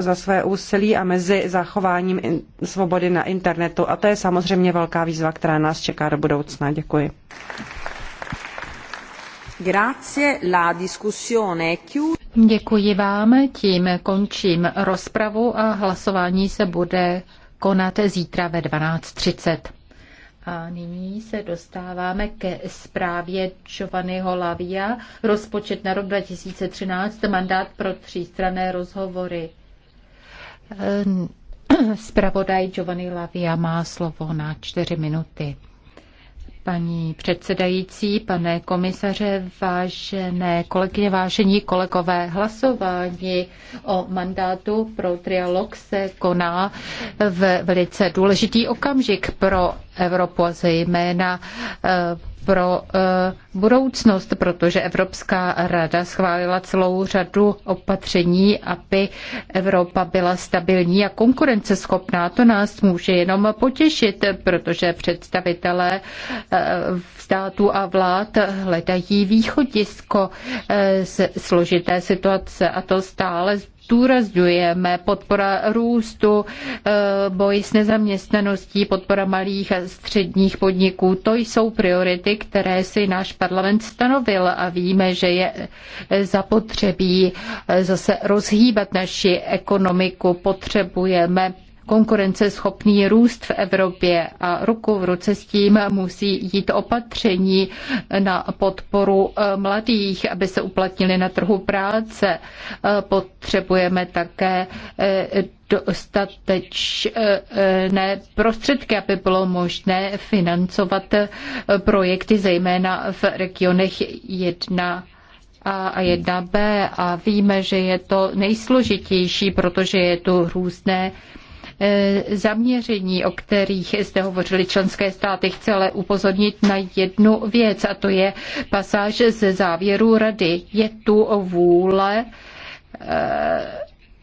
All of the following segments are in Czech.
za své úsilí a mezi zachováním svobody na internetu. A to je samozřejmě velká výzva, která nás čeká do budoucna. Děkuji. Grazie, la discussione Děkuji vám, tím končím rozpravu a hlasování se bude konat zítra ve 12.30. A nyní se dostáváme ke zprávě Giovanniho Lavia, rozpočet na rok 2013, mandát pro třístrané rozhovory. Ehm, Spravodaj Giovanni Lavia má slovo na čtyři minuty. Paní předsedající, pane komisaře, vážené kolegyně, vážení kolegové, hlasování o mandátu pro trialog se koná v velice důležitý okamžik pro Evropu, zejména ehm, pro eh, budoucnost, protože Evropská rada schválila celou řadu opatření, aby Evropa byla stabilní a konkurenceschopná. To nás může jenom potěšit, protože představitelé eh, států a vlád hledají východisko eh, z složité situace a to stále zdůrazňujeme. Podpora růstu, eh, boj s nezaměstnaností, podpora malých a středních podniků, to jsou priority, které si náš parlament stanovil a víme, že je eh, zapotřebí eh, zase rozhýbat naši ekonomiku. Potřebujeme konkurenceschopný růst v Evropě a ruku v ruce s tím musí jít opatření na podporu eh, mladých, aby se uplatnili na trhu práce. Eh, potřebujeme také eh, dostatečné prostředky, aby bylo možné financovat projekty, zejména v regionech 1 a, 1B. A víme, že je to nejsložitější, protože je tu různé Eh, zaměření, o kterých zde hovořili členské státy. Chci ale upozornit na jednu věc a to je pasáž ze závěru rady. Je tu vůle eh,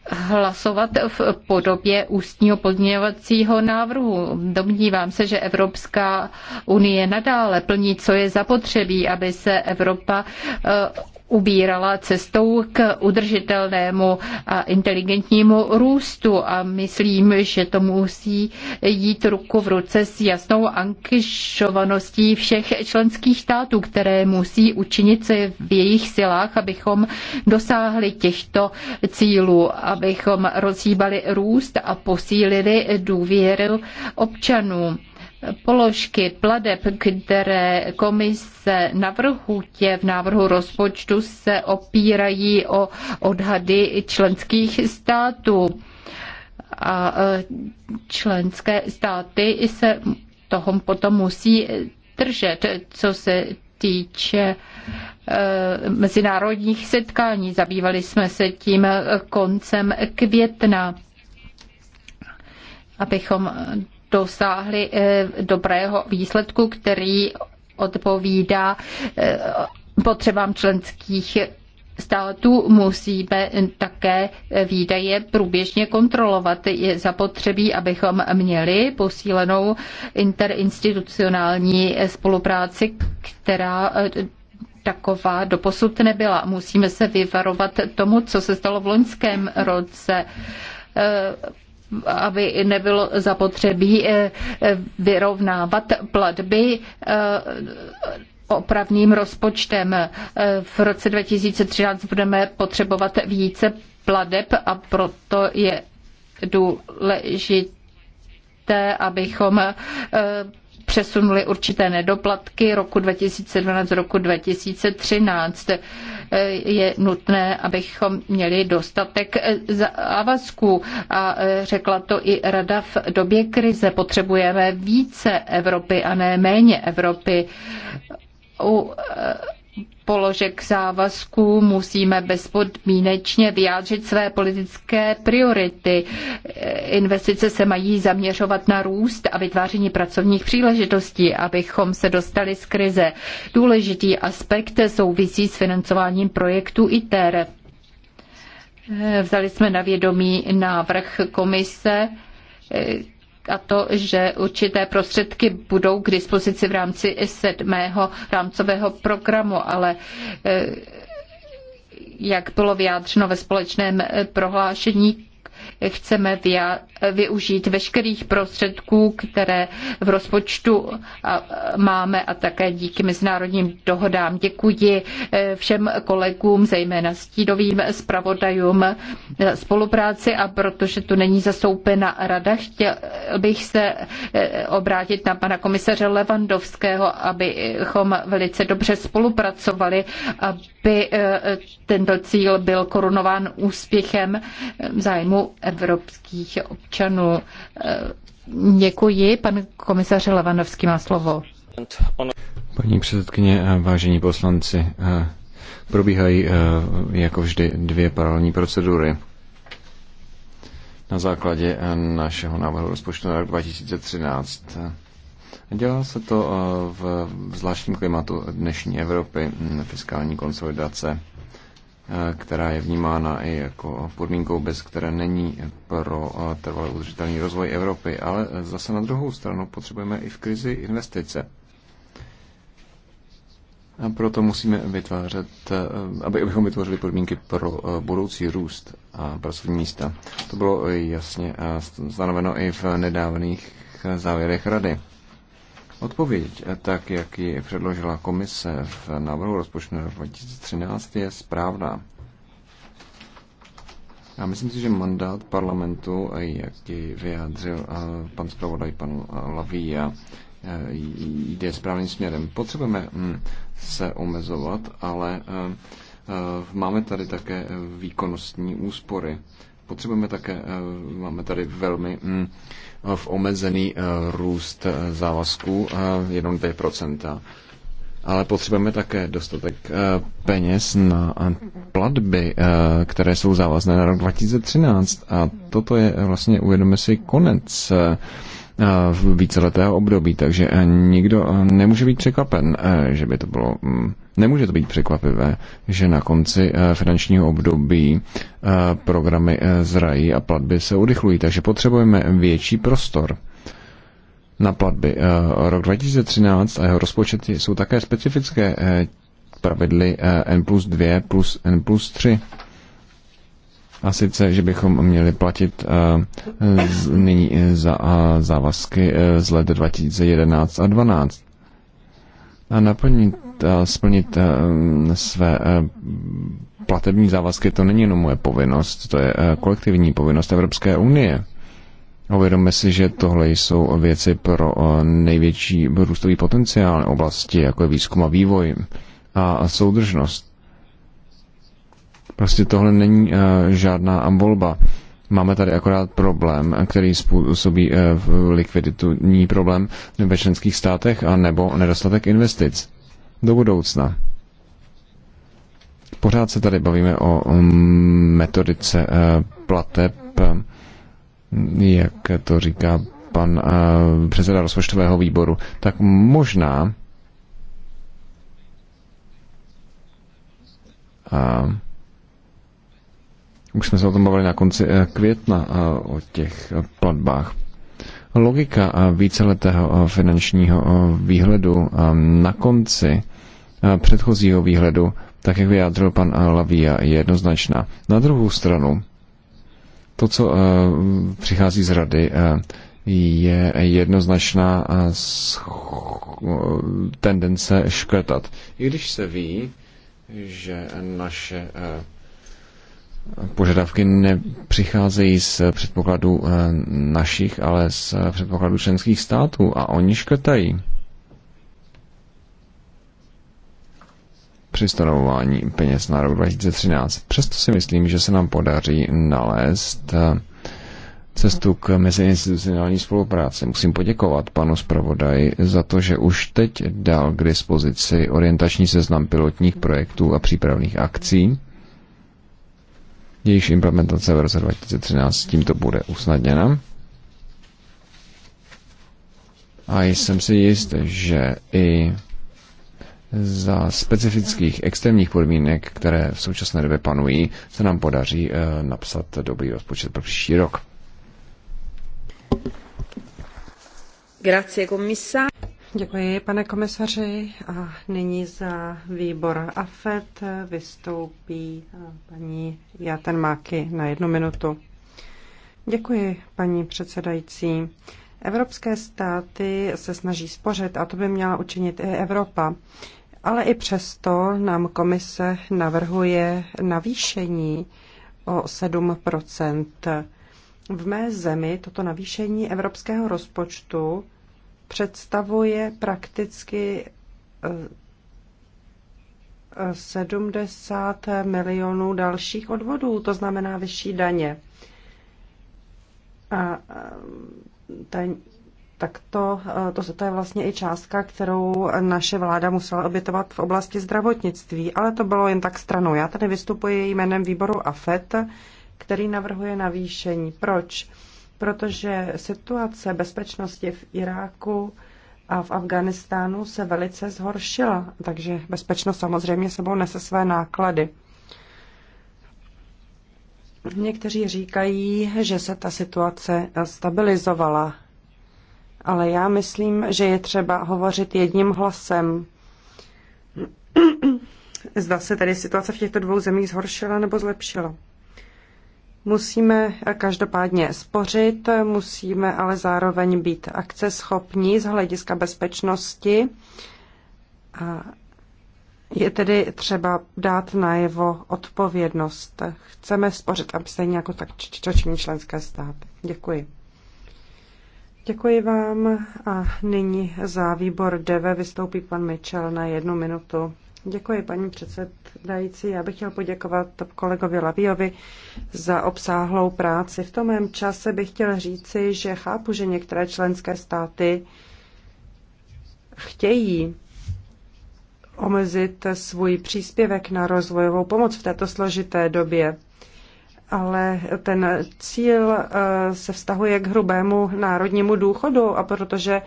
hlasovat v podobě ústního pozměňovacího návrhu. Domnívám se, že Evropská unie nadále plní, co je zapotřebí, aby se Evropa eh, ubírala cestou k udržitelnému a inteligentnímu růstu a myslím, že to musí jít ruku v ruce s jasnou angažovaností všech členských států, které musí učinit se v jejich silách, abychom dosáhli těchto cílů, abychom rozhýbali růst a posílili důvěru občanů položky pladeb, které komise navrhuje v návrhu rozpočtu, se opírají o odhady členských států. A e, členské státy se toho potom musí držet, co se týče e, mezinárodních setkání. Zabývali jsme se tím koncem května, abychom dosáhli eh, dobrého výsledku, který odpovídá eh, potřebám členských států musíme také výdaje průběžně kontrolovat. Je zapotřebí, abychom měli posílenou interinstitucionální spolupráci, která eh, taková doposud nebyla. Musíme se vyvarovat tomu, co se stalo v loňském roce aby nebylo zapotřebí eh, eh, vyrovnávat platby eh, opravným rozpočtem. V roce 2013 budeme potřebovat více pladeb a proto je důležité, abychom přesunuli určité nedoplatky roku 2012 roku 2013. Je nutné, abychom měli dostatek závazků a řekla to i Rada v době krize. Potřebujeme více Evropy a ne méně Evropy. U položek závazků musíme bezpodmínečně vyjádřit své politické priority. Investice se mají zaměřovat na růst a vytváření pracovních příležitostí, abychom se dostali z krize. Důležitý aspekt souvisí s financováním projektu ITER. Vzali jsme na vědomí návrh komise, a to, že určité prostředky budou k dispozici v rámci sedmého rámcového programu, ale eh, jak bylo vyjádřeno ve společném eh, prohlášení, chceme vyjádřit využít veškerých prostředků, které v rozpočtu máme a také díky mezinárodním dohodám. Děkuji e, všem kolegům, zejména stínovým zpravodajům za e, spolupráci a protože tu není zastoupena rada, chtěl bych se e, obrátit na pana komisaře Levandovského, abychom velice dobře spolupracovali, aby tento cíl byl korunován úspěchem zájmu evropských občanů občanů. Eh, děkuji. Pan komisař Lavanovský má slovo. Paní předsedkyně, eh, vážení poslanci, eh, probíhají jako vždy dvě paralelní procedury. Na základě našeho návrhu rozpočtu na rok 2013 Dělá se to v zvláštním klimatu dnešní Evropy, mm, fiskální konsolidace Eh, která je vnímána i jako podmínkou, bez které není pro eh, trvalý udržitelný rozvoj Evropy. Ale eh, zase na druhou stranu potřebujeme i v krizi investice. A proto musíme vytvářet, aby, abychom vytvořili podmínky pro budoucí růst a pracovní místa. To bylo jasně stanoveno i v nedávných závěrech rady. Odpověď, tak jak ji předložila komise v návrhu rozpočtu 2013, je správná. Já myslím si, že mandát parlamentu, jak ji vyjádřil eh, pan zpravodaj, pan eh, Lavia, eh, jde správným směrem. Potřebujeme hm, se omezovat, ale máme tady také výkonnostní úspory potřebujeme také, eh, máme tady velmi mm, v omezený eh, růst eh, závazků, jenom 2%. Ale potřebujeme také dostatek peněz na platby, které jsou závazné na rok 2013. A toto je vlastně, uvědomíme si, konec v víceletého období, takže nikdo nemůže být překvapen, že by to bylo mm, Nemůže to být překvapivé, že na konci eh, finančního období eh, programy eh, zrají a platby se urychlují, takže potřebujeme větší prostor na platby. Rok 2013 a jeho rozpočety jsou také specifické pravidly N plus 2 plus N plus 3. A sice, že bychom měli platit nyní za závazky z let 2011 a 2012 naplnit a splnit mm, své platební závazky, to není jenom moje povinnost, to je kolektivní povinnost Evropské unie. Uvědomme si, že tohle jsou věci pro největší růstový potenciál oblasti, jako je výzkum a vývoj a soudržnost. Prostě tohle není žádná volba. Máme tady akorát problém, který způsobí eh, likviditní problém ve členských státech a nebo nedostatek investic do budoucna. Pořád se tady bavíme o mm, metodice eh, plateb, jak to říká pan eh, předseda rozpočtového výboru, tak možná a už jsme se o tom bavili na konci eh, května eh, o těch eh, platbách. Logika víceletého finančního výhledu na konci předchozího výhledu, tak jak vyjádřil pan Lavia, je jednoznačná. Na druhou stranu, to, co přichází z rady, je jednoznačná tendence škrtat. I když se ví, že naše požadavky nepřicházejí z předpokladů eh, našich, ale z předpokladů členských států a oni škrtají. při stanovování peněz na rok 2013. Přesto si myslím, že se nám podaří nalézt eh, cestu k meziinstitucionální spolupráci. Musím poděkovat panu zpravodaji za to, že už teď dal k dispozici orientační seznam pilotních projektů a přípravných akcí jejíž implementace v roce 2013 tímto bude usnadněna. A jsem si jist, že i za specifických extrémních podmínek, které v současné době panují, se nám podaří eh, napsat dobrý rozpočet pro příští rok. Grazie, komisa. Děkuji, pane komisaři. A nyní za výbor AFET vystoupí eh, paní Máky na jednu minutu. Děkuji, paní předsedající. Evropské státy se snaží spořit a to by měla učinit i Evropa. Ale i přesto nám komise navrhuje navýšení o 7 v mé zemi toto navýšení evropského rozpočtu představuje prakticky 70 eh, eh, milionů dalších odvodů, to znamená vyšší daně. A eh, ten, tak to, to, to je vlastně i částka, kterou naše vláda musela obětovat v oblasti zdravotnictví, ale to bylo jen tak stranou. Já tady vystupuji jménem výboru AFET, který navrhuje navýšení. Proč? protože situace bezpečnosti v Iráku a v Afganistánu se velice zhoršila, takže bezpečnost samozřejmě sebou nese své náklady. Někteří říkají, že se ta situace stabilizovala, ale já myslím, že je třeba hovořit jedním hlasem. Zda se tedy situace v těchto dvou zemích zhoršila nebo zlepšila. Musíme každopádně spořit, musíme ale zároveň být akceschopní z hlediska bezpečnosti. A je tedy třeba dát najevo odpovědnost. Chceme spořit, aby se jako tak činí členské státy. Děkuji. Děkuji vám a nyní za výbor DV vystoupí pan Mitchell na jednu minutu. Děkuji, paní předsedající. Já bych chtěl poděkovat kolegovi Laviovi za obsáhlou práci. V tom mém čase bych chtěl říci, že chápu, že některé členské státy chtějí omezit svůj příspěvek na rozvojovou pomoc v této složité době. Ale ten cíl eh, se vztahuje k hrubému národnímu důchodu a protože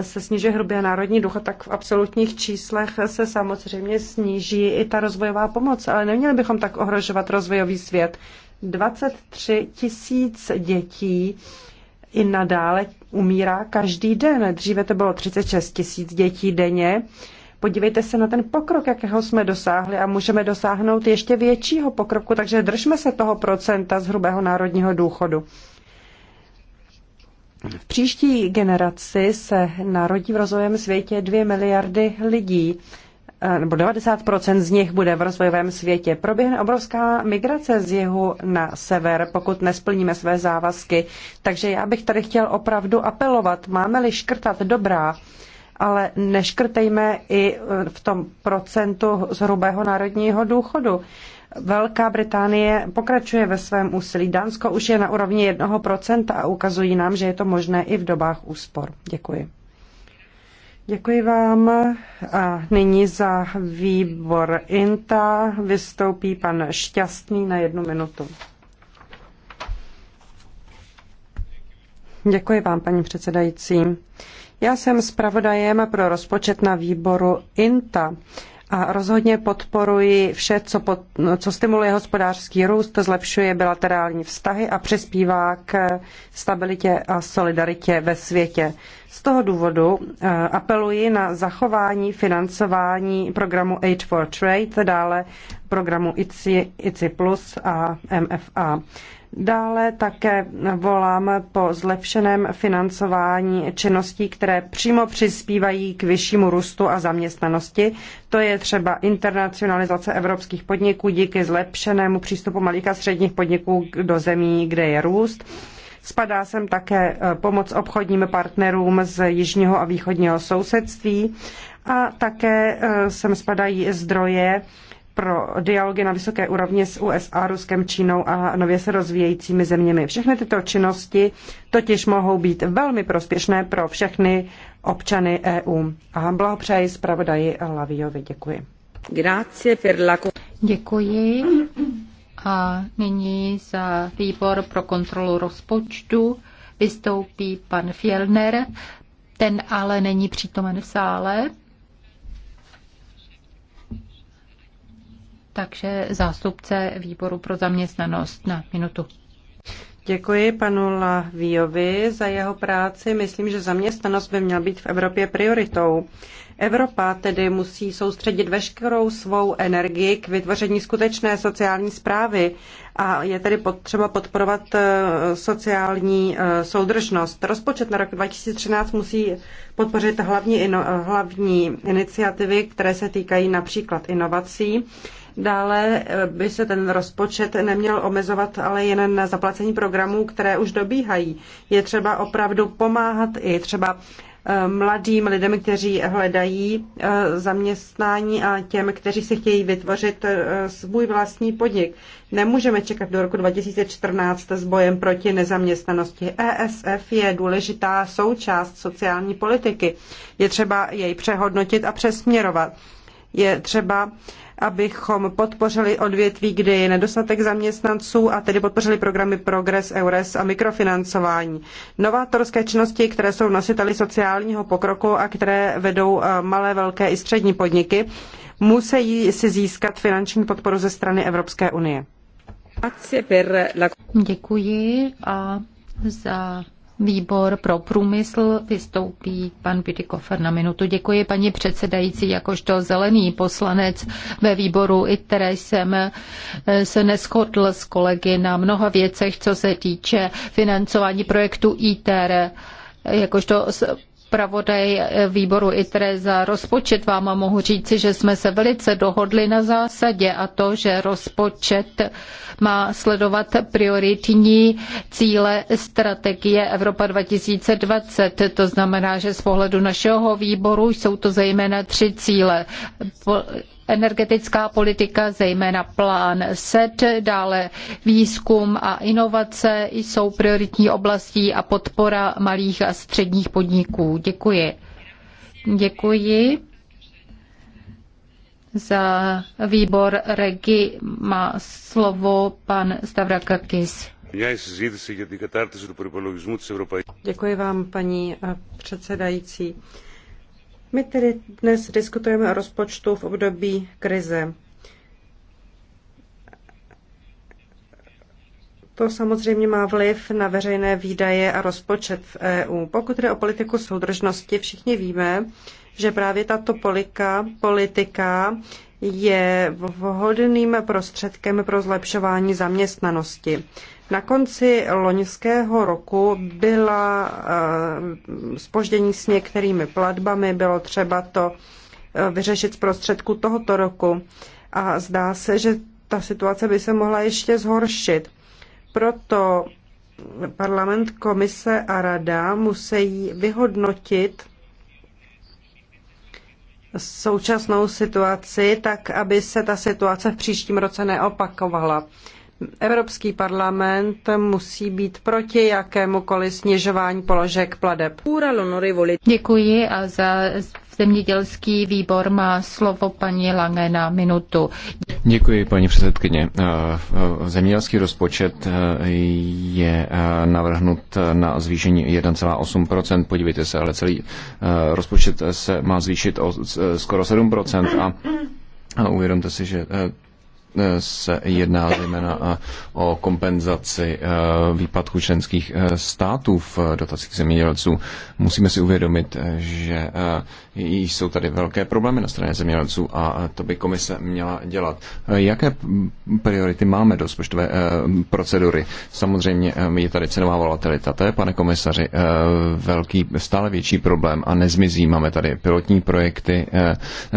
se sníží hrubě národní duch, tak v absolutních číslech se samozřejmě sníží i ta rozvojová pomoc. Ale neměli bychom tak ohrožovat rozvojový svět. 23 tisíc dětí i nadále umírá každý den. Dříve to bylo 36 tisíc dětí denně. Podívejte se na ten pokrok, jakého jsme dosáhli a můžeme dosáhnout ještě většího pokroku, takže držme se toho procenta z hrubého národního důchodu. V příští generaci se narodí v rozvojovém světě 2 miliardy lidí eh, nebo 90% z nich bude v rozvojovém světě. Proběhne obrovská migrace z jihu na sever, pokud nesplníme své závazky. Takže já bych tady chtěl opravdu apelovat, máme-li škrtat dobrá, ale neškrtejme i e, v tom procentu z hrubého národního důchodu. Velká Británie pokračuje ve svém úsilí. Dánsko už je na úrovni 1% a ukazují nám, že je to možné i v dobách úspor. Děkuji. Děkuji vám. A nyní za výbor INTA vystoupí pan Šťastný na jednu minutu. Děkuji vám, paní předsedající. Já jsem zpravodajem pro rozpočet na výboru INTA a rozhodně podporuji vše, co, pod, co stimuluje hospodářský růst, zlepšuje bilaterální vztahy a přispívá k stabilitě a solidaritě ve světě. Z toho důvodu eh, apeluji na zachování financování programu Aid for Trade, dále programu ICI, ICI Plus a MFA. Dále také volám po zlepšeném financování činností, které přímo přispívají k vyššímu růstu a zaměstnanosti. To je třeba internacionalizace evropských podniků díky zlepšenému přístupu malých a středních podniků do zemí, kde je růst. Spadá sem také eh, pomoc obchodním partnerům z jižního a východního sousedství a také eh, sem spadají zdroje, pro dialogy na vysoké úrovni s USA, Ruskem, Čínou a nově se rozvíjejícími zeměmi. Všechny tyto činnosti totiž mohou být velmi prospěšné pro všechny občany EU. A blahopřeji zpravodaji Laviovi. Děkuji. Grazie per la... Děkuji. A nyní za výbor pro kontrolu rozpočtu vystoupí pan Fielner. Ten ale není přítomen v sále. takže zástupce výboru pro zaměstnanost na minutu. Děkuji panu Lahvíjovi za jeho práci. Myslím, že zaměstnanost by měla být v Evropě prioritou. Evropa tedy musí soustředit veškerou svou energii k vytvoření skutečné sociální zprávy a je tedy potřeba podporovat eh, sociální eh, soudržnost. Rozpočet na rok 2013 musí podpořit hlavní, eh, hlavní iniciativy, které se týkají například inovací Dále eh, by se ten rozpočet neměl omezovat ale jen na zaplacení programů, které už dobíhají. Je třeba opravdu pomáhat i třeba eh, mladým lidem, kteří hledají eh, zaměstnání a těm, kteří si chtějí vytvořit svůj vlastní podnik. Nemůžeme čekat do roku 2014 s bojem proti nezaměstnanosti. ESF je důležitá součást sociální politiky. Je třeba jej přehodnotit a přesměrovat. Je třeba uh, abychom podpořili odvětví, kde je nedostatek zaměstnanců a tedy podpořili programy Progress, EURES a mikrofinancování. Novátorské činnosti, které jsou nositeli sociálního pokroku a které vedou eh, malé, velké i střední podniky, musí si získat finanční podporu ze strany Evropské unie. Děkuji a za výbor pro průmysl vystoupí pan Pidikofer na minutu. Děkuji paní předsedající, jakožto zelený poslanec ve výboru I které jsem eh, se neschodl s kolegy na mnoha věcech, co se týče financování projektu ITER jakožto zpravodaj výboru ITRE za rozpočet vám a mohu říci, že jsme se velice dohodli na zásadě a to, že rozpočet má sledovat prioritní cíle strategie Evropa 2020. To znamená, že z pohledu našeho výboru jsou to zejména tři cíle energetická politika, zejména plán SED, dále výzkum a inovace jsou prioritní oblastí a podpora malých a středních podniků. Děkuji. Děkuji. Za výbor Regi má slovo pan Stavrakakis. Děkuji vám, paní eh, předsedající my tedy dnes diskutujeme o rozpočtu v období krize. To samozřejmě má vliv na veřejné výdaje a rozpočet v EU. Pokud jde o politiku soudržnosti, všichni víme, že právě tato polika, politika je vhodným prostředkem pro zlepšování zaměstnanosti. Na konci loňského roku byla spoždění eh, s některými platbami, bylo třeba to eh, vyřešit z prostředku tohoto roku a zdá se, že ta situace by se mohla ještě zhoršit. Proto parlament, komise a rada musí vyhodnotit současnou situaci tak, aby se ta situace v příštím roce neopakovala. Evropský parlament musí být proti jakémukoliv snižování položek pladeb. Děkuji a za zemědělský výbor má slovo paní Lange na minutu. Děkuji, paní předsedkyně. Eh, eh, zemědělský rozpočet eh, je navrhnut na zvýšení 1,8%. Podívejte se, ale celý rozpočet se má zvýšit o skoro 7% a uvědomte si, že Eh, se jedná zejména eh, o kompenzaci eh, výpadku členských států v dotacích zemědělců. Musíme si uvědomit, že jsou tady velké problémy na straně zemědělců a to by komise měla dělat. Jaké priority máme do rozpočtové eh, procedury? Samozřejmě eh, je tady cenová volatilita. To je, pane komisaři, eh, velký, stále větší problém a nezmizí. Máme tady pilotní projekty,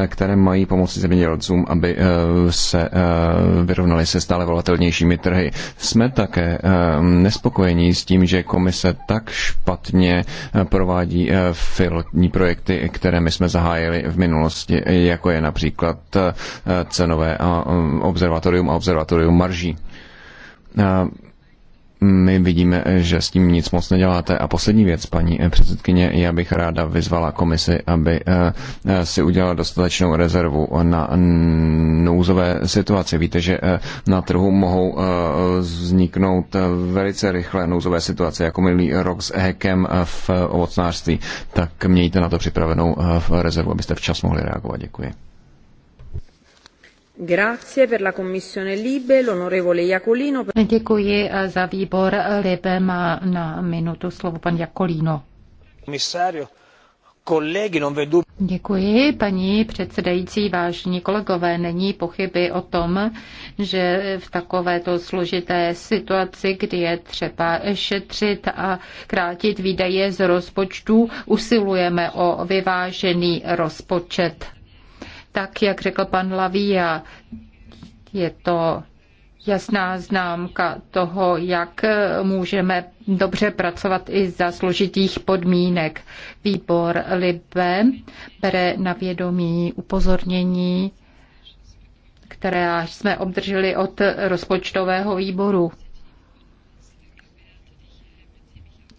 které mají pomoci zemědělcům, aby se vyrovnali se stále volatilnějšími trhy. Jsme také nespokojení s tím, že komise tak špatně provádí pilotní projekty, které my jsme zahájili v minulosti, jako je například eh, cenové a mm, observatorium a observatorium marží eh, my vidíme, že s tím nic moc neděláte. A poslední věc, paní předsedkyně, já bych ráda vyzvala komisi, aby eh, eh, si udělala dostatečnou rezervu na nouzové situace. Víte, že eh, na trhu mohou vzniknout velice rychle nouzové situace, jako minulý rok s hekem v ovocnářství. Tak mějte na to připravenou rezervu, abyste včas mohli reagovat. Děkuji. Děkuji eh, za výbor. Eh, Libe má na minutu slovo pan Jakolino. Děkuji, paní předsedající, vážní kolegové. Není pochyby o tom, že v takovéto složité situaci, kdy je třeba šetřit a krátit výdaje z rozpočtu, usilujeme o vyvážený rozpočet tak, jak řekl pan Lavia, je to jasná známka toho, jak můžeme dobře pracovat i za složitých podmínek. Výbor Libe bere na vědomí upozornění, které jsme obdrželi od rozpočtového výboru.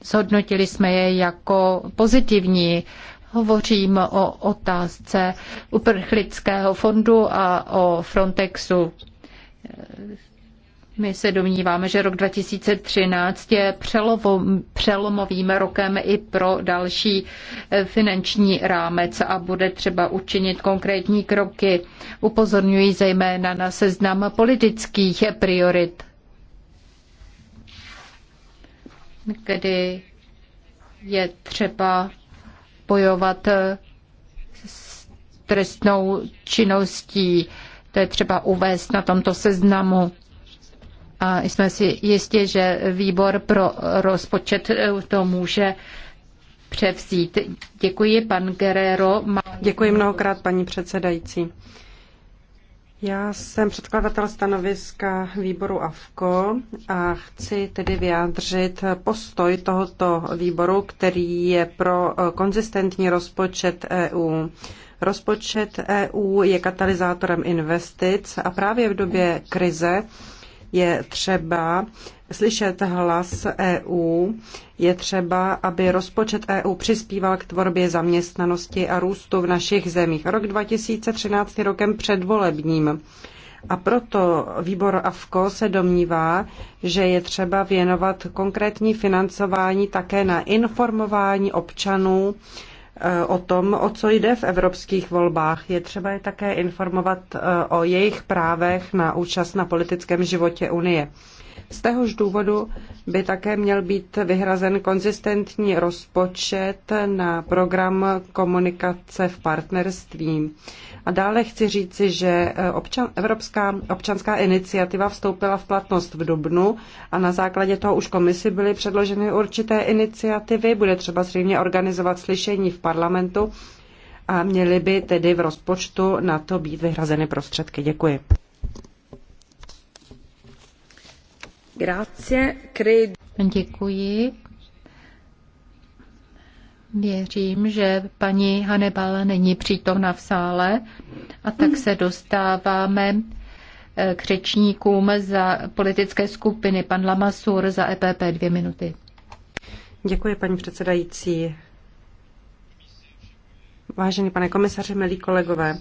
Zhodnotili jsme je jako pozitivní. Hovořím o otázce uprchlického fondu a o Frontexu. My se domníváme, že rok 2013 je přelomovým rokem i pro další eh, finanční rámec a bude třeba učinit konkrétní kroky. Upozorňuji zejména na seznam politických priorit, kdy je třeba spojovat eh, s trestnou činností. To je třeba uvést na tomto seznamu. A jsme si jistě, že výbor pro rozpočet eh, to může převzít. Děkuji, pan Guerrero. Děkuji mnohokrát, paní předsedající. Já jsem předkladatel stanoviska výboru AFKO a chci tedy vyjádřit postoj tohoto výboru, který je pro eh, konzistentní rozpočet EU. Rozpočet EU je katalyzátorem investic a právě v době krize je třeba slyšet hlas EU, je třeba, aby rozpočet EU přispíval k tvorbě zaměstnanosti a růstu v našich zemích. Rok 2013 je rokem předvolebním. A proto výbor AFKO se domnívá, že je třeba věnovat konkrétní financování také na informování občanů eh, o tom, o co jde v evropských volbách. Je třeba je také informovat eh, o jejich právech na účast na politickém životě Unie. Z téhož důvodu by také měl být vyhrazen konzistentní rozpočet na program komunikace v partnerství. A dále chci říci, že eh, občan, Evropská občanská iniciativa vstoupila v platnost v Dubnu a na základě toho už komisi byly předloženy určité iniciativy. Bude třeba zřejmě organizovat slyšení v parlamentu a měly by tedy v rozpočtu na to být vyhrazeny prostředky. Děkuji. Grazie, credo. Děkuji. Věřím, že paní Hannibal není přítomna v sále a tak se dostáváme eh, k řečníkům za politické skupiny. Pan Lamasur za EPP dvě minuty. Děkuji, paní předsedající. Vážený pane komisaři, milí kolegové,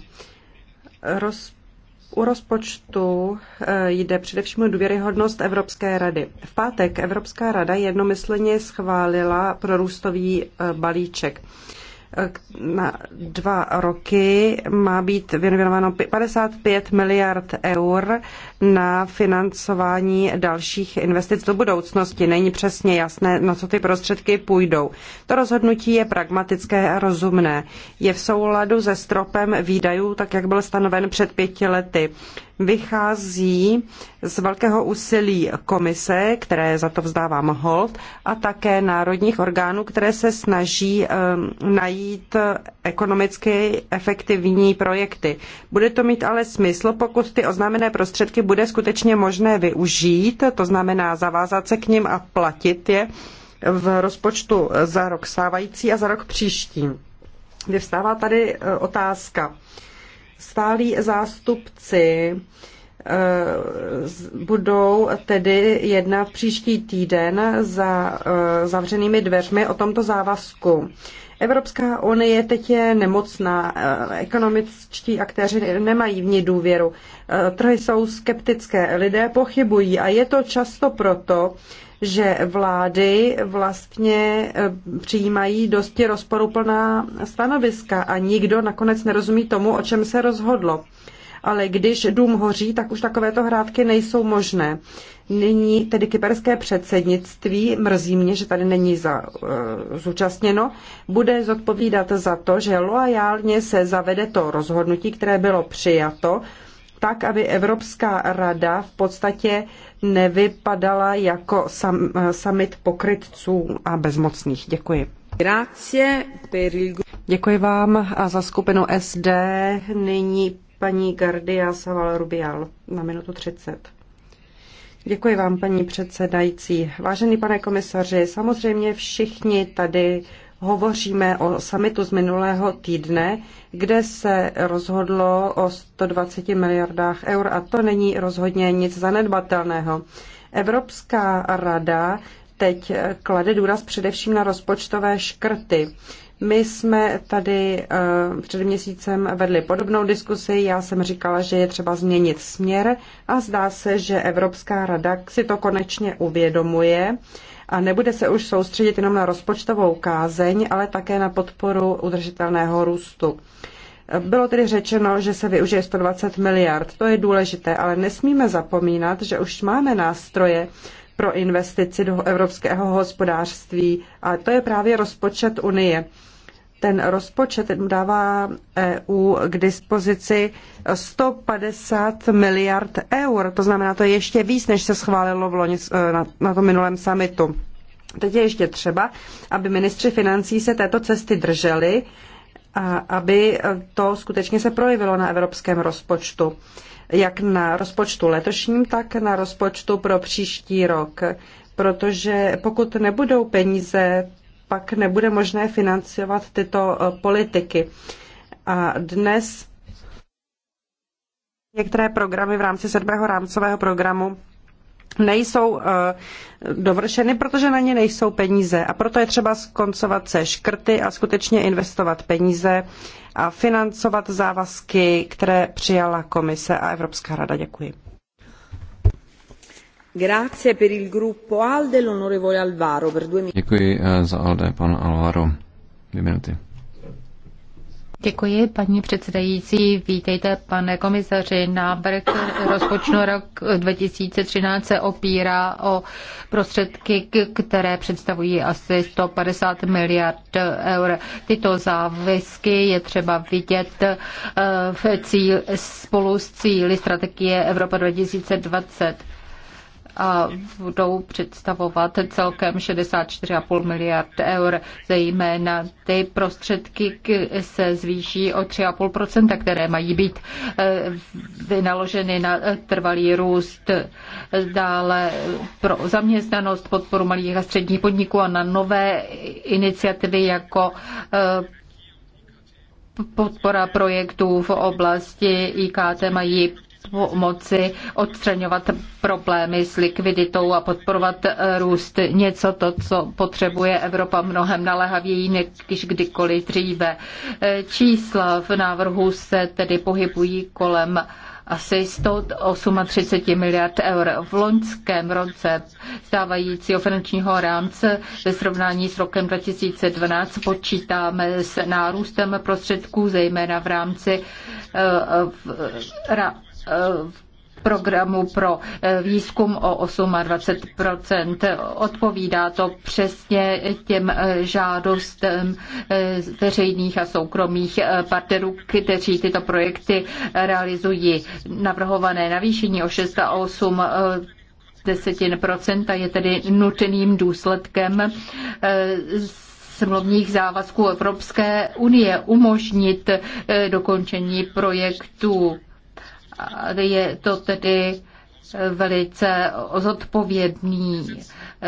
roz... U rozpočtu eh, jde především o důvěryhodnost Evropské rady. V pátek Evropská rada jednomyslně schválila prorůstový eh, balíček na dva roky má být věnováno 55 miliard eur na financování dalších investic do budoucnosti. Není přesně jasné, na co ty prostředky půjdou. To rozhodnutí je pragmatické a rozumné. Je v souladu se stropem výdajů, tak jak byl stanoven před pěti lety. Vychází z velkého úsilí komise, které za to vzdávám hold, a také národních orgánů, které se snaží um, najít být ekonomicky efektivní projekty. Bude to mít ale smysl, pokud ty oznámené prostředky bude skutečně možné využít, to znamená zavázat se k ním a platit je v rozpočtu za rok stávající a za rok příští. Vyvstává tady e, otázka. Stálí zástupci e, budou tedy jednat příští týden za e, zavřenými dveřmi o tomto závazku. Evropská unie teď je nemocná, eh, ekonomičtí aktéři nemají v ní důvěru, eh, trhy jsou skeptické, lidé pochybují a je to často proto, že vlády vlastně eh, přijímají dosti rozporuplná stanoviska a nikdo nakonec nerozumí tomu, o čem se rozhodlo. Ale když dům hoří, tak už takovéto hrádky nejsou možné. Nyní tedy kyperské předsednictví, mrzí mě, že tady není za, e, zúčastněno, bude zodpovídat za to, že loajálně se zavede to rozhodnutí, které bylo přijato, tak, aby Evropská rada v podstatě nevypadala jako sam, eh, summit pokrytců a bezmocných. Děkuji. Děkuji vám a za skupinu SD nyní paní Gardia Saval Rubial na minutu 30. Děkuji vám, paní předsedající. Vážený pane komisaři, samozřejmě všichni tady hovoříme o samitu z minulého týdne, kde se rozhodlo o 120 miliardách eur a to není rozhodně nic zanedbatelného. Evropská rada teď klade důraz především na rozpočtové škrty. My jsme tady eh, před měsícem vedli podobnou diskusi. Já jsem říkala, že je třeba změnit směr a zdá se, že Evropská rada si to konečně uvědomuje a nebude se už soustředit jenom na rozpočtovou kázeň, ale také na podporu udržitelného růstu. Bylo tedy řečeno, že se využije 120 miliard. To je důležité, ale nesmíme zapomínat, že už máme nástroje, pro investici do evropského hospodářství a to je právě rozpočet Unie. Ten rozpočet dává EU k dispozici 150 miliard eur, to znamená, to je ještě víc, než se schválilo v loni, e, na, na tom minulém summitu. Teď je ještě třeba, aby ministři financí se této cesty drželi a aby to skutečně se projevilo na evropském rozpočtu jak na rozpočtu letošním, tak na rozpočtu pro příští rok. Protože pokud nebudou peníze, pak nebude možné financovat tyto eh, politiky. A dnes některé programy v rámci sedmého rámcového programu nejsou eh, dovršeny, protože na ně nejsou peníze. A proto je třeba skoncovat se škrty a skutečně investovat peníze a financovat závazky, které přijala Komise a Evropská rada. Děkuji. Grazie per il gruppo ALDE l'onorevole Alvaro per minuti. Děkuji eh, za ALDE, pan Alvaro. Dvě minuty. Děkuji, paní předsedající. Vítejte, pane komisaři. Návrh rozpočnu rok 2013 se opírá o prostředky, které představují asi 150 miliard eur. Tyto závisky je třeba vidět eh, v cíl, spolu s cíly strategie Evropa 2020 a budou představovat celkem 64,5 miliard eur, zejména ty prostředky se zvýší o 3,5%, které mají být eh, vynaloženy na trvalý růst, dále pro zaměstnanost, podporu malých a středních podniků a na nové iniciativy jako eh, podpora projektů v oblasti IKT mají pomoci odstraňovat problémy s likviditou a podporovat eh, růst. Něco to, co potřebuje Evropa mnohem naléhavěji než kdykoliv dříve. Eh, čísla v návrhu se tedy pohybují kolem asi 138 miliard eur. V loňském roce stávajícího finančního rámce ve srovnání s rokem 2012 počítáme s nárůstem prostředků, zejména v rámci eh, v, ra, Eh, programu pro eh, výzkum o 28%. Odpovídá to přesně těm eh, žádostem veřejných a soukromých partnerů, kteří tyto projekty realizují. Navrhované navýšení o 6 a 8 desetin procenta je tedy nutným důsledkem smluvních závazků Evropské unie umožnit dokončení projektu. Je to tedy velice zodpovědný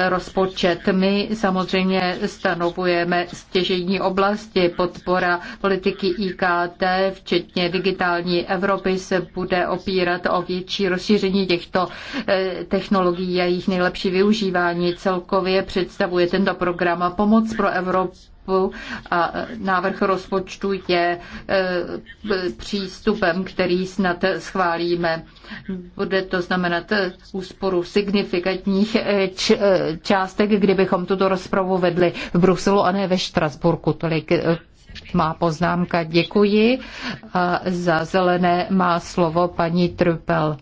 rozpočet. My samozřejmě stanovujeme stěžení oblasti. Podpora politiky IKT, včetně digitální Evropy, se bude opírat o větší rozšíření těchto eh, technologií a jejich nejlepší využívání. Celkově představuje tento program pomoc pro Evropu a návrh rozpočtu je eh, přístupem, který snad schválíme. Bude to znamenat úsporu signifikantních eh, eh, částek, kdybychom tuto rozpravu vedli v Bruselu a ne ve Štrasburku. Tolik má poznámka. Děkuji. A za zelené má slovo paní Trupel.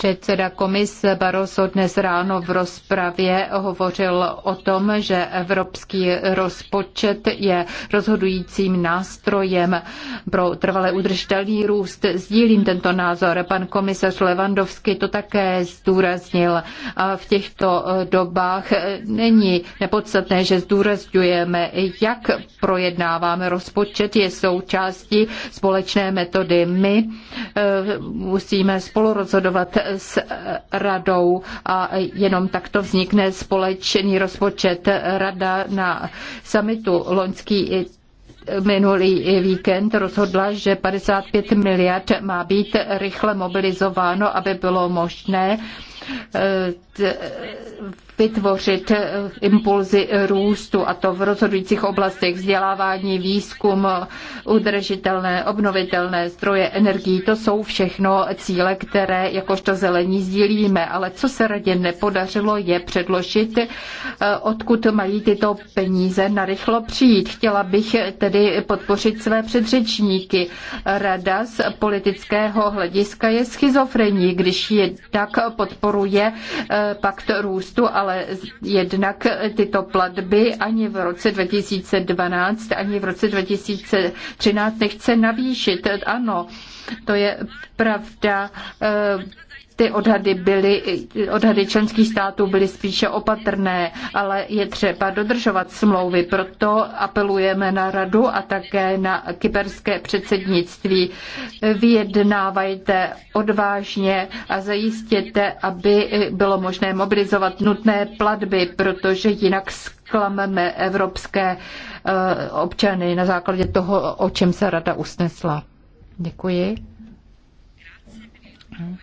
Předseda komise Barroso dnes ráno v rozpravě hovořil o tom, že evropský rozpočet je rozhodujícím nástrojem pro trvale udržitelný růst. Sdílím tento názor. Pan komisař Levandovský to také zdůraznil. A v těchto eh, dobách eh, není nepodstatné, že zdůrazňujeme, jak projednáváme rozpočet, je součástí společné metody. My eh, musíme spolurozhodovat s radou a jenom takto vznikne společný rozpočet rada na samitu loňský minulý víkend rozhodla, že 55 miliard má být rychle mobilizováno, aby bylo možné eh, vytvořit eh, impulzy růstu, a to v rozhodujících oblastech vzdělávání, výzkum, udržitelné, obnovitelné zdroje energií. To jsou všechno cíle, které jakožto zelení sdílíme, ale co se radě nepodařilo je předložit, eh, odkud mají tyto peníze narychlo přijít. Chtěla bych tedy podpořit své předřečníky. Rada z politického hlediska je schizofrení, když je tak podporuje eh, pakt růstu, ale ale jednak tyto platby ani v roce 2012, ani v roce 2013 nechce navýšit. Ano, to je pravda ty odhady, byly, odhady členských států byly spíše opatrné, ale je třeba dodržovat smlouvy. Proto apelujeme na radu a také na kyperské předsednictví. Vyjednávajte odvážně a zajistěte, aby bylo možné mobilizovat nutné platby, protože jinak zklameme evropské eh, občany na základě toho, o čem se rada usnesla. Děkuji.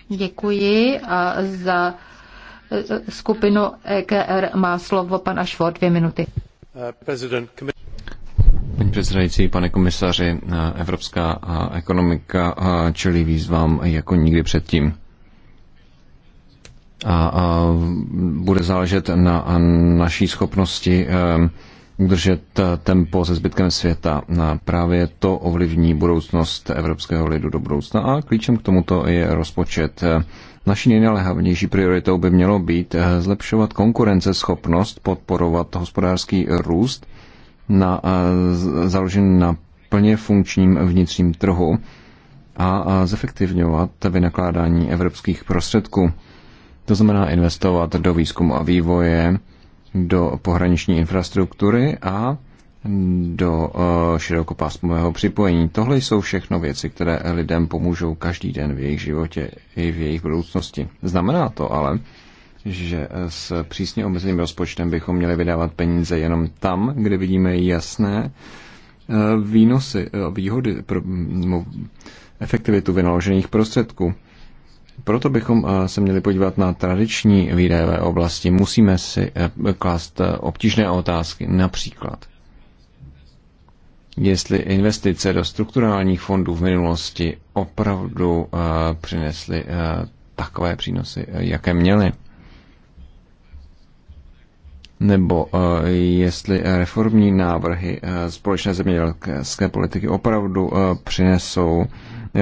Děkuji a za skupinu EKR má slovo pan Ašvor, dvě minuty. Paní předsedající, pane komisaři, evropská ekonomika čelí výzvám jako nikdy předtím. A, a bude záležet na naší schopnosti udržet eh, tempo se zbytkem světa. A právě to ovlivní budoucnost evropského lidu do budoucna a klíčem k tomuto je rozpočet. Naší nejnalehavnější prioritou by mělo být eh, zlepšovat konkurenceschopnost, podporovat hospodářský růst na, eh, založený na plně funkčním vnitřním trhu a zefektivňovat vynakládání evropských prostředků. To znamená investovat do výzkumu a vývoje, do pohraniční infrastruktury a do eh, širokopásmového připojení. Tohle jsou všechno věci, které lidem pomůžou každý den v jejich životě i v jejich budoucnosti. Znamená to ale, že s přísně omezeným rozpočtem bychom měli vydávat peníze jenom tam, kde vidíme jasné eh, výnosy, eh, výhody pro mm, efektivitu vynaložených prostředků. Proto bychom eh, se měli podívat na tradiční výdajové oblasti. Musíme si eh, klást eh, obtížné otázky, například jestli investice do strukturálních fondů v minulosti opravdu přinesly takové přínosy, jaké měly. Nebo jestli reformní návrhy společné zemědělské politiky opravdu přinesou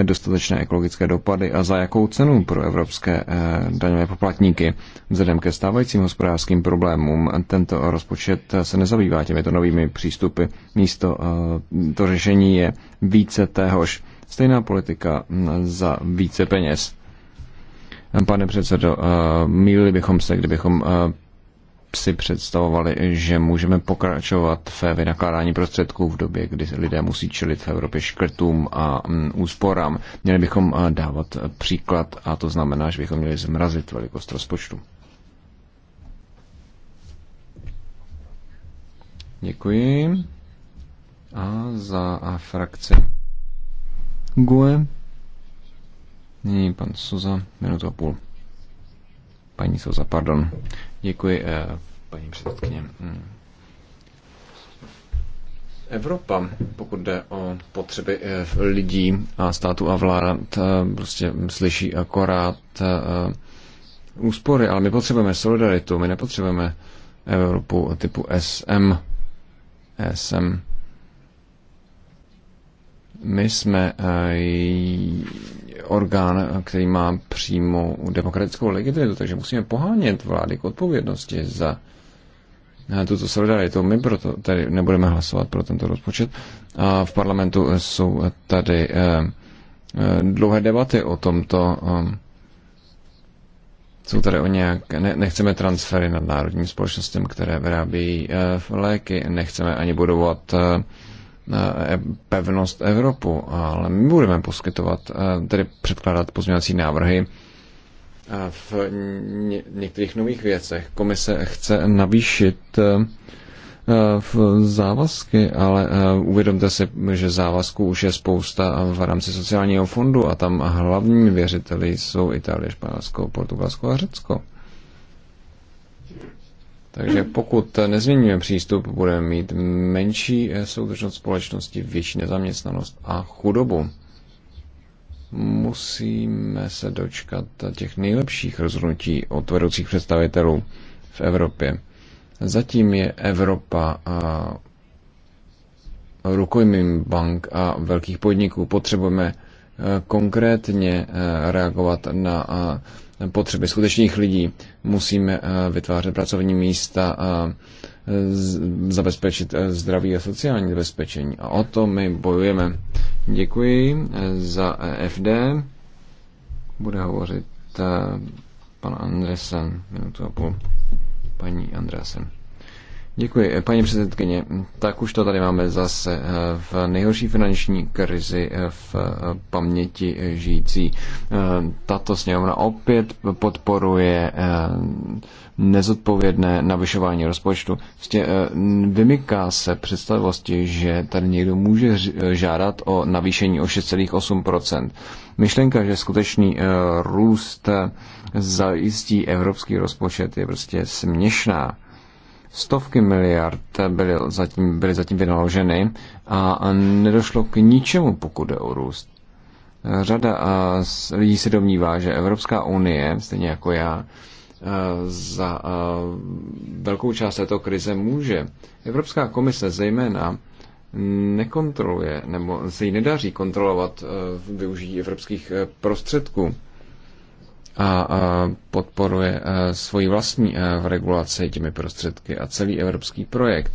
dostatečné ekologické dopady a za jakou cenu pro evropské eh, daňové poplatníky. Vzhledem ke stávajícím hospodářským problémům tento rozpočet eh, se nezabývá těmito novými přístupy. Místo eh, to řešení je více téhož. Stejná politika hm, za více peněz. Pane předsedo, mýlili bychom se, kdybychom si představovali, že můžeme pokračovat ve vynakládání prostředků v době, kdy lidé musí čelit v Evropě škrtům a mm, úsporám. Měli bychom eh, dávat eh, příklad a to znamená, že bychom měli zmrazit velikost rozpočtu. Děkuji. A za a eh, frakce GUE. Nyní pan Soza, minutu a půl. Paní Soza, pardon. Děkuji, eh, paní předsedkyně. Hmm. Evropa, pokud jde o potřeby eh, lidí a státu a vlád, eh, prostě slyší akorát úspory, ale my potřebujeme solidaritu, my nepotřebujeme Evropu typu SM. SM my jsme eh, orgán, který má přímo demokratickou legitimitu, takže musíme pohánět vlády k odpovědnosti za eh, tuto solidaritu. My proto tady nebudeme hlasovat pro tento rozpočet. A v parlamentu jsou tady eh, dlouhé debaty o tomto. Jsou tady o nějak, ne, nechceme transfery nad národním společnostem, které vyrábí léky, nechceme ani budovat Eh, eh, pevnost Evropu, ale my budeme poskytovat, eh, tedy předkládat pozměňovací návrhy v některých nových věcech. Komise chce navýšit v závazky, ale uvědomte si, že závazků už je spousta v rámci sociálního fondu a tam hlavní věřiteli jsou Itálie, Španělsko, Portugalsko a Řecko. Takže pokud nezměníme přístup, budeme mít menší soudržnost společnosti, větší nezaměstnanost a chudobu. Musíme se dočkat těch nejlepších rozhodnutí od vedoucích představitelů v Evropě. Zatím je Evropa rukojmím bank a velkých podniků. Potřebujeme konkrétně eh, reagovat na eh, potřeby skutečných lidí. Musíme eh, vytvářet pracovní místa, zabezpečit zdraví a sociální zabezpečení. A o to my bojujeme. Děkuji za FD. Bude hovořit pan Andresen, minutu a půl. Paní Andresen. Děkuji, paní předsedkyně. Tak už to tady máme zase eh, v nejhorší finanční krizi eh, v eh, paměti žijící. Tato sněmovna opět podporuje nezodpovědné navyšování rozpočtu. Vlastně vymyká se představosti, že tady někdo může žádat o navýšení o 6,8 Myšlenka, že skutečný růst zajistí evropský rozpočet, je prostě směšná Stovky miliard byly zatím, byly zatím vynaloženy a nedošlo k ničemu, pokud jde o růst. Řada lidí se domnívá, že Evropská unie, stejně jako já, za velkou část této krize může. Evropská komise zejména nekontroluje, nebo se jí nedaří kontrolovat využití evropských e, prostředků a podporuje e, svoji vlastní e, regulaci těmi prostředky a celý evropský projekt.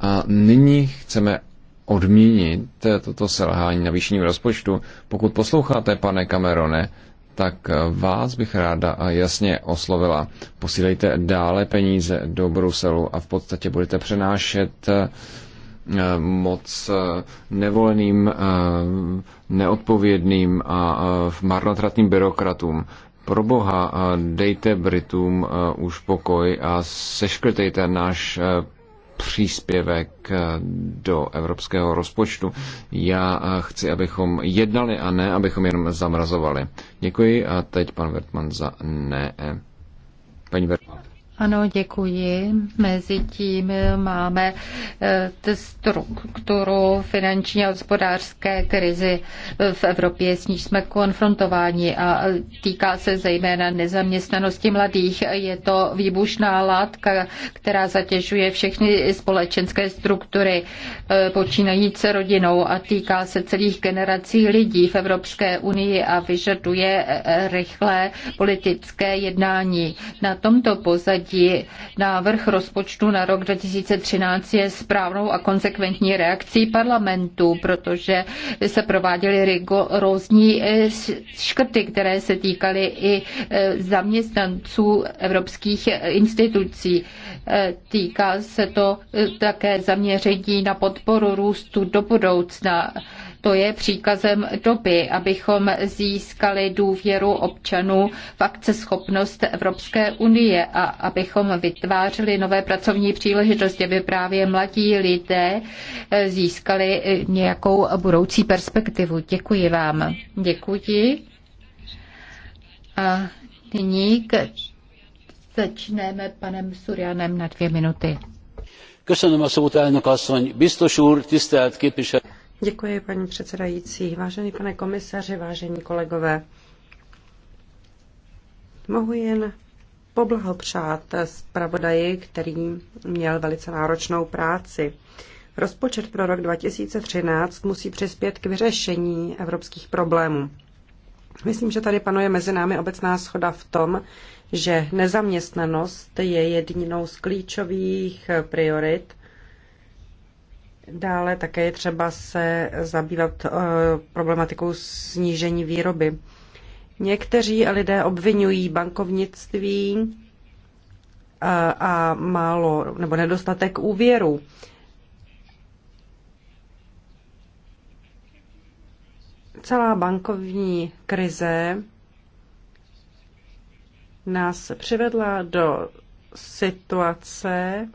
A nyní chceme odmínit e, toto selhání navýšením rozpočtu. Pokud posloucháte, pane Camerone, tak vás bych ráda jasně oslovila. Posílejte dále peníze do Bruselu a v podstatě budete přenášet moc nevoleným, neodpovědným a marnotratným byrokratům. Pro boha, dejte Britům už pokoj a seškrtejte náš příspěvek do evropského rozpočtu. Já chci, abychom jednali a ne, abychom jenom zamrazovali. Děkuji a teď pan Vertman za ne. Paní Vertman. Ano, děkuji. Mezitím máme eh, strukturu finanční a hospodářské krizi v Evropě, s níž jsme konfrontováni a týká se zejména nezaměstnanosti mladých. Je to výbušná látka, která zatěžuje všechny společenské struktury, eh, počínající rodinou a týká se celých generací lidí v Evropské unii a vyžaduje eh, rychlé politické jednání. Na tomto pozadí prostředí. Návrh rozpočtu na rok 2013 je správnou a konsekventní reakcí parlamentu, protože se prováděly rigorózní eh, škrty, které se týkaly i eh, zaměstnanců evropských eh, institucí. Týká se to také zaměření na podporu růstu do budoucna to je příkazem doby, abychom získali důvěru občanů v akceschopnost Evropské unie a abychom vytvářeli nové pracovní příležitosti, aby právě mladí lidé eh, získali eh, nějakou budoucí perspektivu. Děkuji vám. Děkuji. A nyní začneme panem Surjanem na dvě minuty. Köszönöm a szót, elnök asszony. Biztos úr, tisztelt képviselő. Děkuji, paní předsedající. Vážený pane komisaři, vážení kolegové, mohu jen poblahopřát zpravodaji, který měl velice náročnou práci. Rozpočet pro rok 2013 musí přispět k vyřešení evropských problémů. Myslím, že tady panuje mezi námi obecná schoda v tom, že nezaměstnanost je jednou z klíčových priorit Dále také je třeba se zabývat eh, problematikou snížení výroby. Někteří lidé obvinují bankovnictví a, eh, a málo nebo nedostatek úvěru. Celá bankovní krize nás přivedla do situace,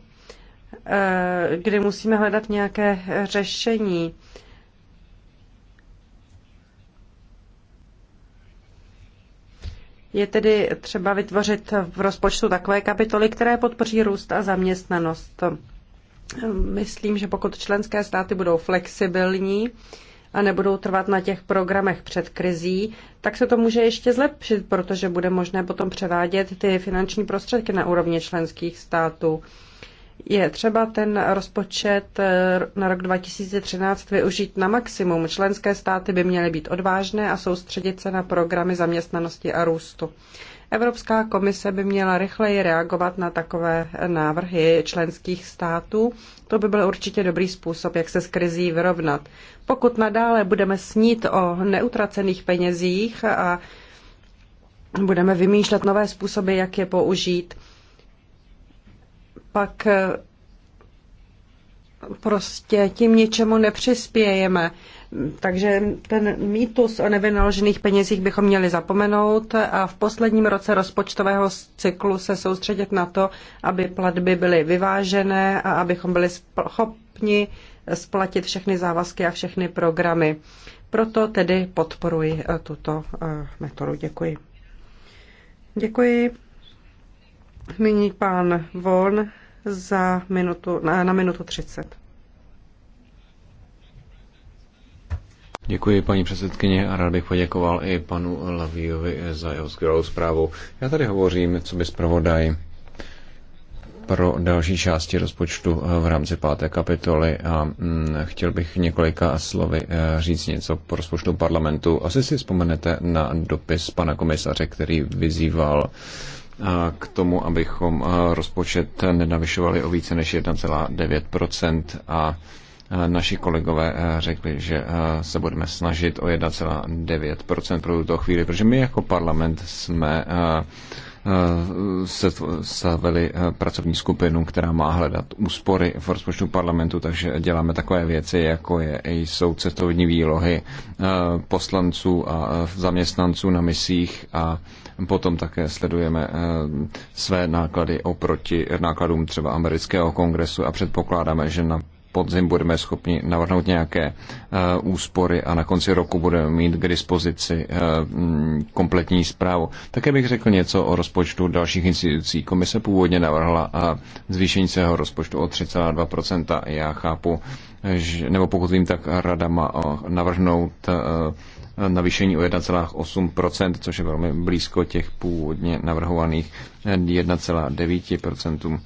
Eh, kdy musíme hledat nějaké řešení. Je tedy třeba vytvořit v rozpočtu takové kapitoly, které podpoří růst a zaměstnanost. Myslím, že pokud členské státy budou flexibilní a nebudou trvat na těch programech před krizí, tak se to může ještě zlepšit, protože bude možné potom převádět ty finanční prostředky na úrovni členských států je třeba ten rozpočet eh, na rok 2013 využít na maximum. Členské státy by měly být odvážné a soustředit se na programy zaměstnanosti a růstu. Evropská komise by měla rychleji reagovat na takové návrhy členských států. To by byl určitě dobrý způsob, jak se s krizí vyrovnat. Pokud nadále budeme snít o neutracených penězích a budeme vymýšlet nové způsoby, jak je použít, pak eh, prostě tím ničemu nepřispějeme. Takže ten mýtus o nevynaložených penězích bychom měli zapomenout a v posledním roce rozpočtového cyklu se soustředit na to, aby platby byly vyvážené a abychom byli schopni splatit všechny závazky a všechny programy. Proto tedy podporuji eh, tuto eh, metodu. Děkuji. Děkuji. Nyní pán Von za minutu, na, na minutu 30. Děkuji paní předsedkyně a rád bych poděkoval i panu Lavíjovi za jeho skvělou zprávu. Já tady hovořím, co by zpravodaj pro další části rozpočtu v rámci páté kapitoly a mm, chtěl bych několika slovy eh, říct něco po rozpočtu parlamentu. Asi si vzpomenete na dopis pana komisaře, který vyzýval k tomu, abychom rozpočet nenavyšovali o více než 1,9 a naši kolegové řekli, že se budeme snažit o 1,9 pro tuto chvíli, protože my jako parlament jsme stavili pracovní skupinu, která má hledat úspory v rozpočtu parlamentu, takže děláme takové věci, jako je, jsou cestovní výlohy poslanců a zaměstnanců na misích a Potom také sledujeme eh, své náklady oproti nákladům třeba amerického kongresu a předpokládáme, že na podzim budeme schopni navrhnout nějaké eh, úspory a na konci roku budeme mít k dispozici eh, mm, kompletní zprávu. Také bych řekl něco o rozpočtu dalších institucí. Komise původně navrhla zvýšení svého rozpočtu o 3,2%. Já chápu, že, nebo pokud vím, tak rada má navrhnout navýšení o 1,8%, což je velmi blízko těch původně navrhovaných 1,9%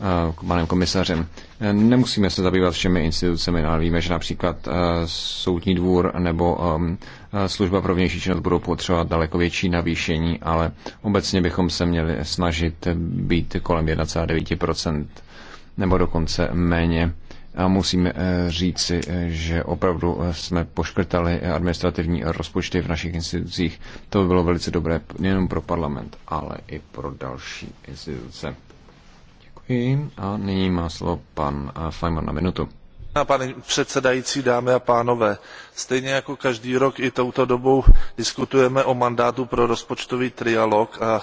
eh, panem komisařem. Nemusíme se zabývat všemi institucemi, ale víme, že například eh, soudní dvůr nebo ehm, eh, služba pro vnější činnost budou potřebovat daleko větší navýšení, ale obecně bychom se měli snažit být kolem 1,9% nebo dokonce méně a musíme eh, říci, eh, že opravdu eh, jsme poškrtali administrativní rozpočty v našich institucích. To by bylo velice dobré nejen pro parlament, ale i pro další instituce. Děkuji. A nyní má slovo pan Feynman na minutu pane předsedající dámy a pánové stejně jako každý rok i touto dobou diskutujeme o mandátu pro rozpočtový trialog a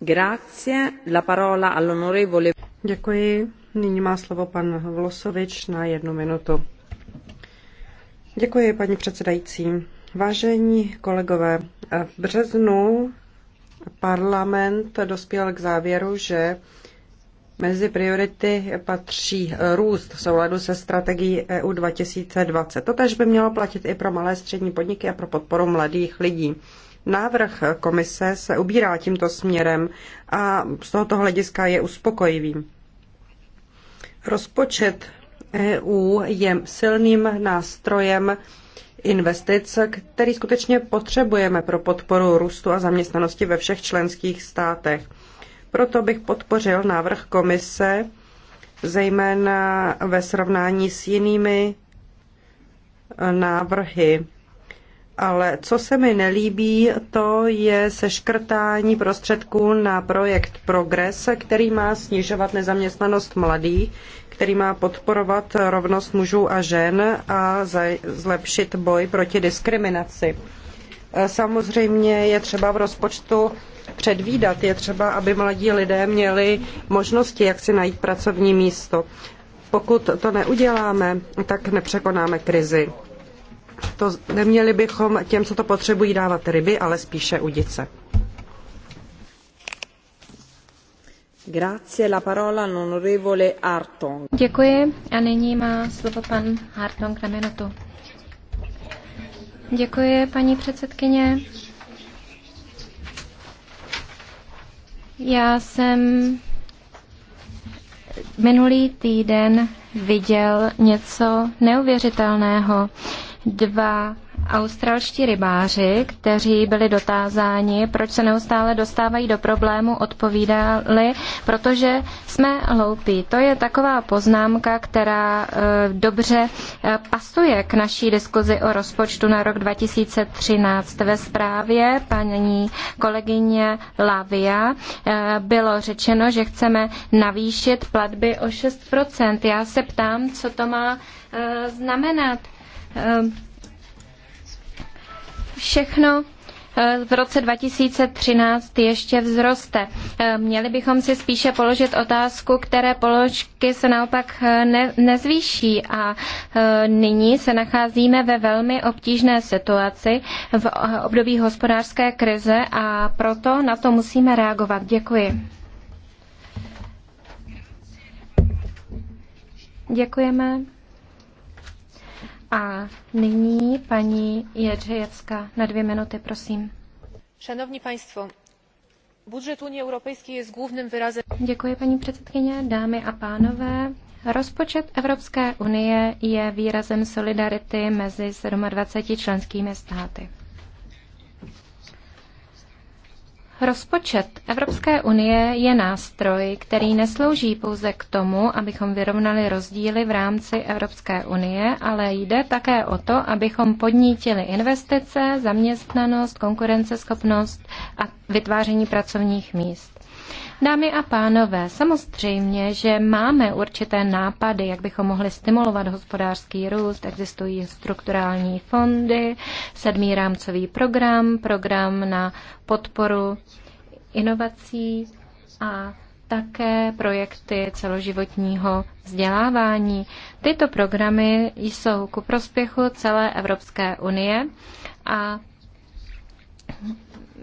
Děkuji. paní předsedající. Vážení kolegové, v březnu parlament dospěl k závěru, že Mezi priority patří růst v souladu se strategií EU 2020. totéž by mělo platit i pro malé střední podniky a pro podporu mladých lidí. Návrh komise se ubírá tímto směrem a z tohoto hlediska je uspokojivý. Rozpočet EU je silným nástrojem investic, který skutečně potřebujeme pro podporu růstu a zaměstnanosti ve všech členských státech. Proto bych podpořil návrh komise, zejména ve srovnání s jinými návrhy ale co se mi nelíbí, to je seškrtání prostředků na projekt Progres, který má snižovat nezaměstnanost mladých, který má podporovat rovnost mužů a žen a zlepšit boj proti diskriminaci. E, samozřejmě je třeba v rozpočtu předvídat, je třeba, aby mladí lidé měli možnosti, jak si najít pracovní místo. Pokud to neuděláme, tak nepřekonáme krizi to neměli bychom těm, co to potřebují, dávat ryby, ale spíše udice. Grazie la parola l'onorevole Hartong. Děkuji a nyní má slovo pan Hartong na minutu. Děkuji, paní předsedkyně. Já jsem minulý týden viděl něco neuvěřitelného dva australští rybáři, kteří byli dotázáni, proč se neustále dostávají do problému, odpovídali, protože jsme hloupí. To je taková poznámka, která eh, dobře eh, pasuje k naší diskuzi o rozpočtu na rok 2013. Ve zprávě paní kolegyně Lavia eh, bylo řečeno, že chceme navýšit platby o 6%. Já se ptám, co to má znamenat Eh, všechno eh, v roce 2013 ještě vzroste. Eh, měli bychom si spíše položit otázku, které položky se naopak ne, nezvýší a nyní se nacházíme ve velmi obtížné situaci v období hospodářské krize a proto na to musíme reagovat. Děkuji. Děkujeme. A nyní paní Jedřejevská na dvě minuty, prosím. Šanovní państwo, budżet Unii Europejskiej jest głównym vyrazem. Děkuji, paní předsedkyně, dámy a pánové. Rozpočet Evropské unie je výrazem solidarity mezi 27 členskými státy. Rozpočet Evropské unie je nástroj, který neslouží pouze k tomu, abychom vyrovnali rozdíly v rámci Evropské unie, ale jde také o to, abychom podnítili investice, zaměstnanost, konkurenceschopnost a vytváření pracovních míst. Dámy a pánové, samozřejmě, že máme určité nápady, jak bychom mohli stimulovat hospodářský růst. Existují strukturální fondy, sedmý rámcový program, program na podporu inovací a také projekty celoživotního vzdělávání. Tyto programy jsou ku prospěchu celé Evropské unie a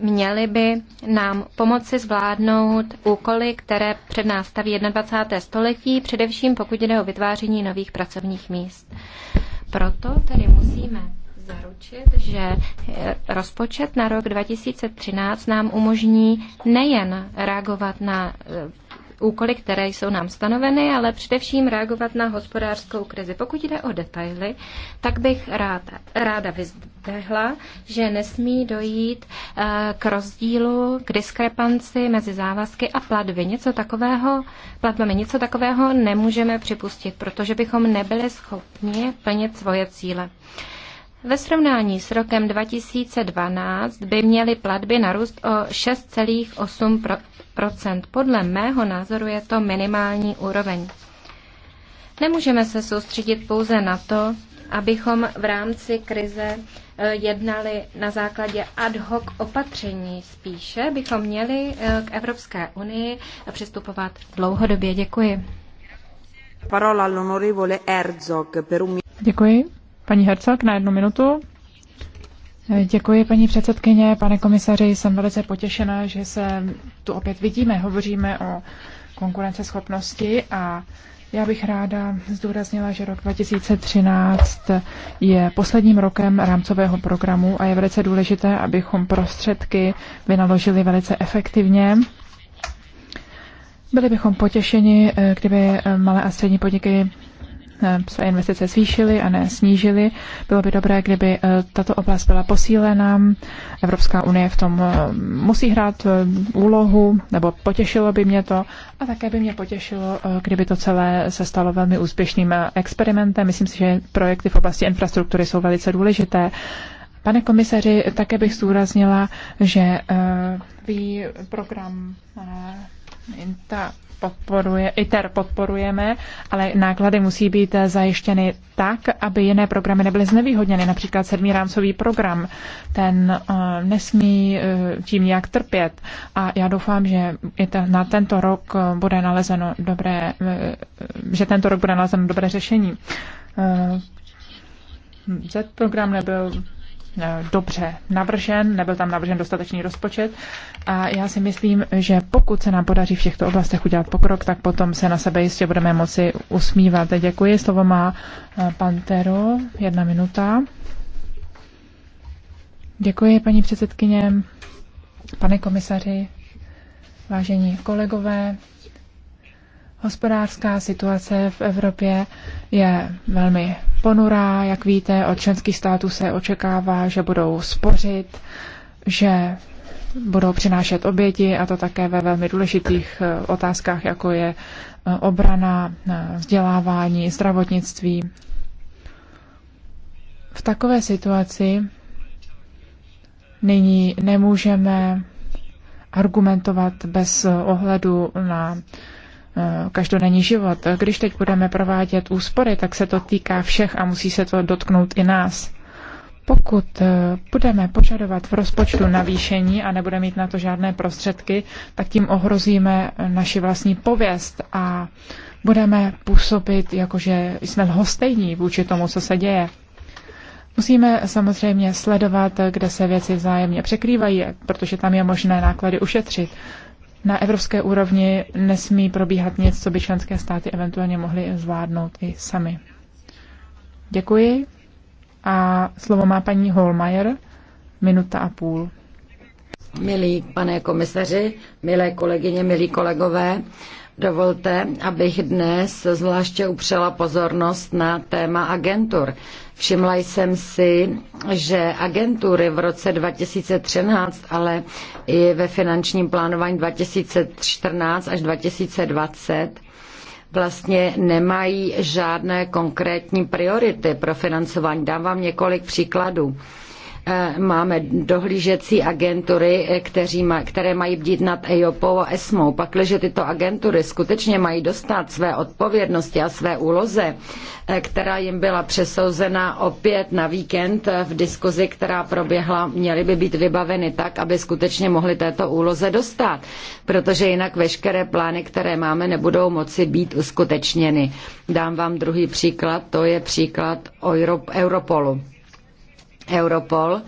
měly by nám pomoci zvládnout úkoly, které před nás staví 21. století, především pokud jde o vytváření nových pracovních míst. Proto tedy musíme zaručit, že eh, rozpočet na rok 2013 nám umožní nejen reagovat na eh, úkoly, které jsou nám stanoveny, ale především reagovat na hospodářskou krizi. Pokud jde o detaily, tak bych ráda, ráda vyzdehla, že nesmí dojít eh, k rozdílu, k diskrepanci mezi závazky a platby. Něco takového, platbami něco takového nemůžeme připustit, protože bychom nebyli schopni plnit svoje cíle. Ve srovnání s rokem 2012 by měly platby narůst o 6,8 Podle mého názoru je to minimální úroveň. Nemůžeme se soustředit pouze na to, abychom v rámci krize eh, jednali na základě ad hoc opatření. Spíše bychom měli eh, k Evropské unii přistupovat dlouhodobě. Děkuji. Parola all'onorevole Herzog per un Děkuji. Paní Hercog na jednu minutu. Děkuji, paní předsedkyně, pane komisaři. Jsem velice potěšena, že se tu opět vidíme. Hovoříme o konkurenceschopnosti a já bych ráda zdůraznila, že rok 2013 je posledním rokem rámcového programu a je velice důležité, abychom prostředky vynaložili velice efektivně. Byli bychom potěšeni, kdyby malé a střední podniky Eh, své investice zvýšily a ne snížily. Bylo by dobré, kdyby eh, tato oblast byla posílena. Evropská unie v tom eh, musí hrát úlohu, nebo potěšilo by mě to. A také by mě potěšilo, kdyby to celé se stalo velmi úspěšným experimentem. Myslím si, že projekty v oblasti infrastruktury jsou velice důležité. Pane komisaři, také bych zdůraznila, že uh, vy program uh, INTA podporuje, ITER podporujeme, ale náklady musí být zajištěny tak, aby jiné programy nebyly znevýhodněny, například sedmý rámcový program. Ten eh, nesmí eh, tím nějak trpět a já doufám, že na tento rok eh, bude nalezeno dobré, že tento rok bude nalezeno dobré řešení. Z program nebyl Eh, dobře navržen, nebyl tam navržen dostatečný rozpočet a já si myslím, že pokud se nám podaří v těchto oblastech udělat pokrok, tak potom se na sebe jistě budeme moci usmívat. Děkuji, slovo má eh, pan Tero, jedna minuta. Děkuji, paní předsedkyně, pane komisaři, vážení kolegové. Hospodářská situace v Evropě je velmi ponurá. Jak víte, od členských států se očekává, že budou spořit, že budou přinášet oběti a to také ve velmi důležitých eh, otázkách, jako je eh, obrana, eh, vzdělávání, zdravotnictví. V takové situaci nyní nemůžeme argumentovat bez ohledu na Eh, každodenní život. Když teď budeme provádět úspory, tak se to týká všech a musí se to dotknout i nás. Pokud eh, budeme požadovat v rozpočtu navýšení a nebude mít na to žádné prostředky, tak tím ohrozíme naši vlastní pověst a budeme působit, jakože jsme lhostejní vůči tomu, co se děje. Musíme samozřejmě sledovat, kde se věci vzájemně překrývají, protože tam je možné náklady ušetřit na evropské úrovni nesmí probíhat nic, co by členské státy eventuálně mohly zvládnout i sami. Děkuji. A slovo má paní Holmeier, minuta a půl. Milí pane komisaři, milé kolegyně, milí kolegové, dovolte, abych dnes zvláště upřela pozornost na téma agentur Všimla jsem si, že agentury v roce 2013, ale i ve finančním plánování 2014 až 2020 vlastně nemají žádné konkrétní priority pro financování. Dám vám několik příkladů. Eh, máme dohlížecí agentury, eh, kteří má, které mají bdít nad EIOPou a ESMou. Pakliže tyto agentury skutečně mají dostat své odpovědnosti a své úloze, eh, která jim byla přesouzena opět na víkend v diskuzi, která proběhla, měly by být vybaveny tak, aby skutečně mohly této úloze dostat, protože jinak veškeré plány, které máme, nebudou moci být uskutečněny. Dám vám druhý příklad, to je příklad Europolu. Europol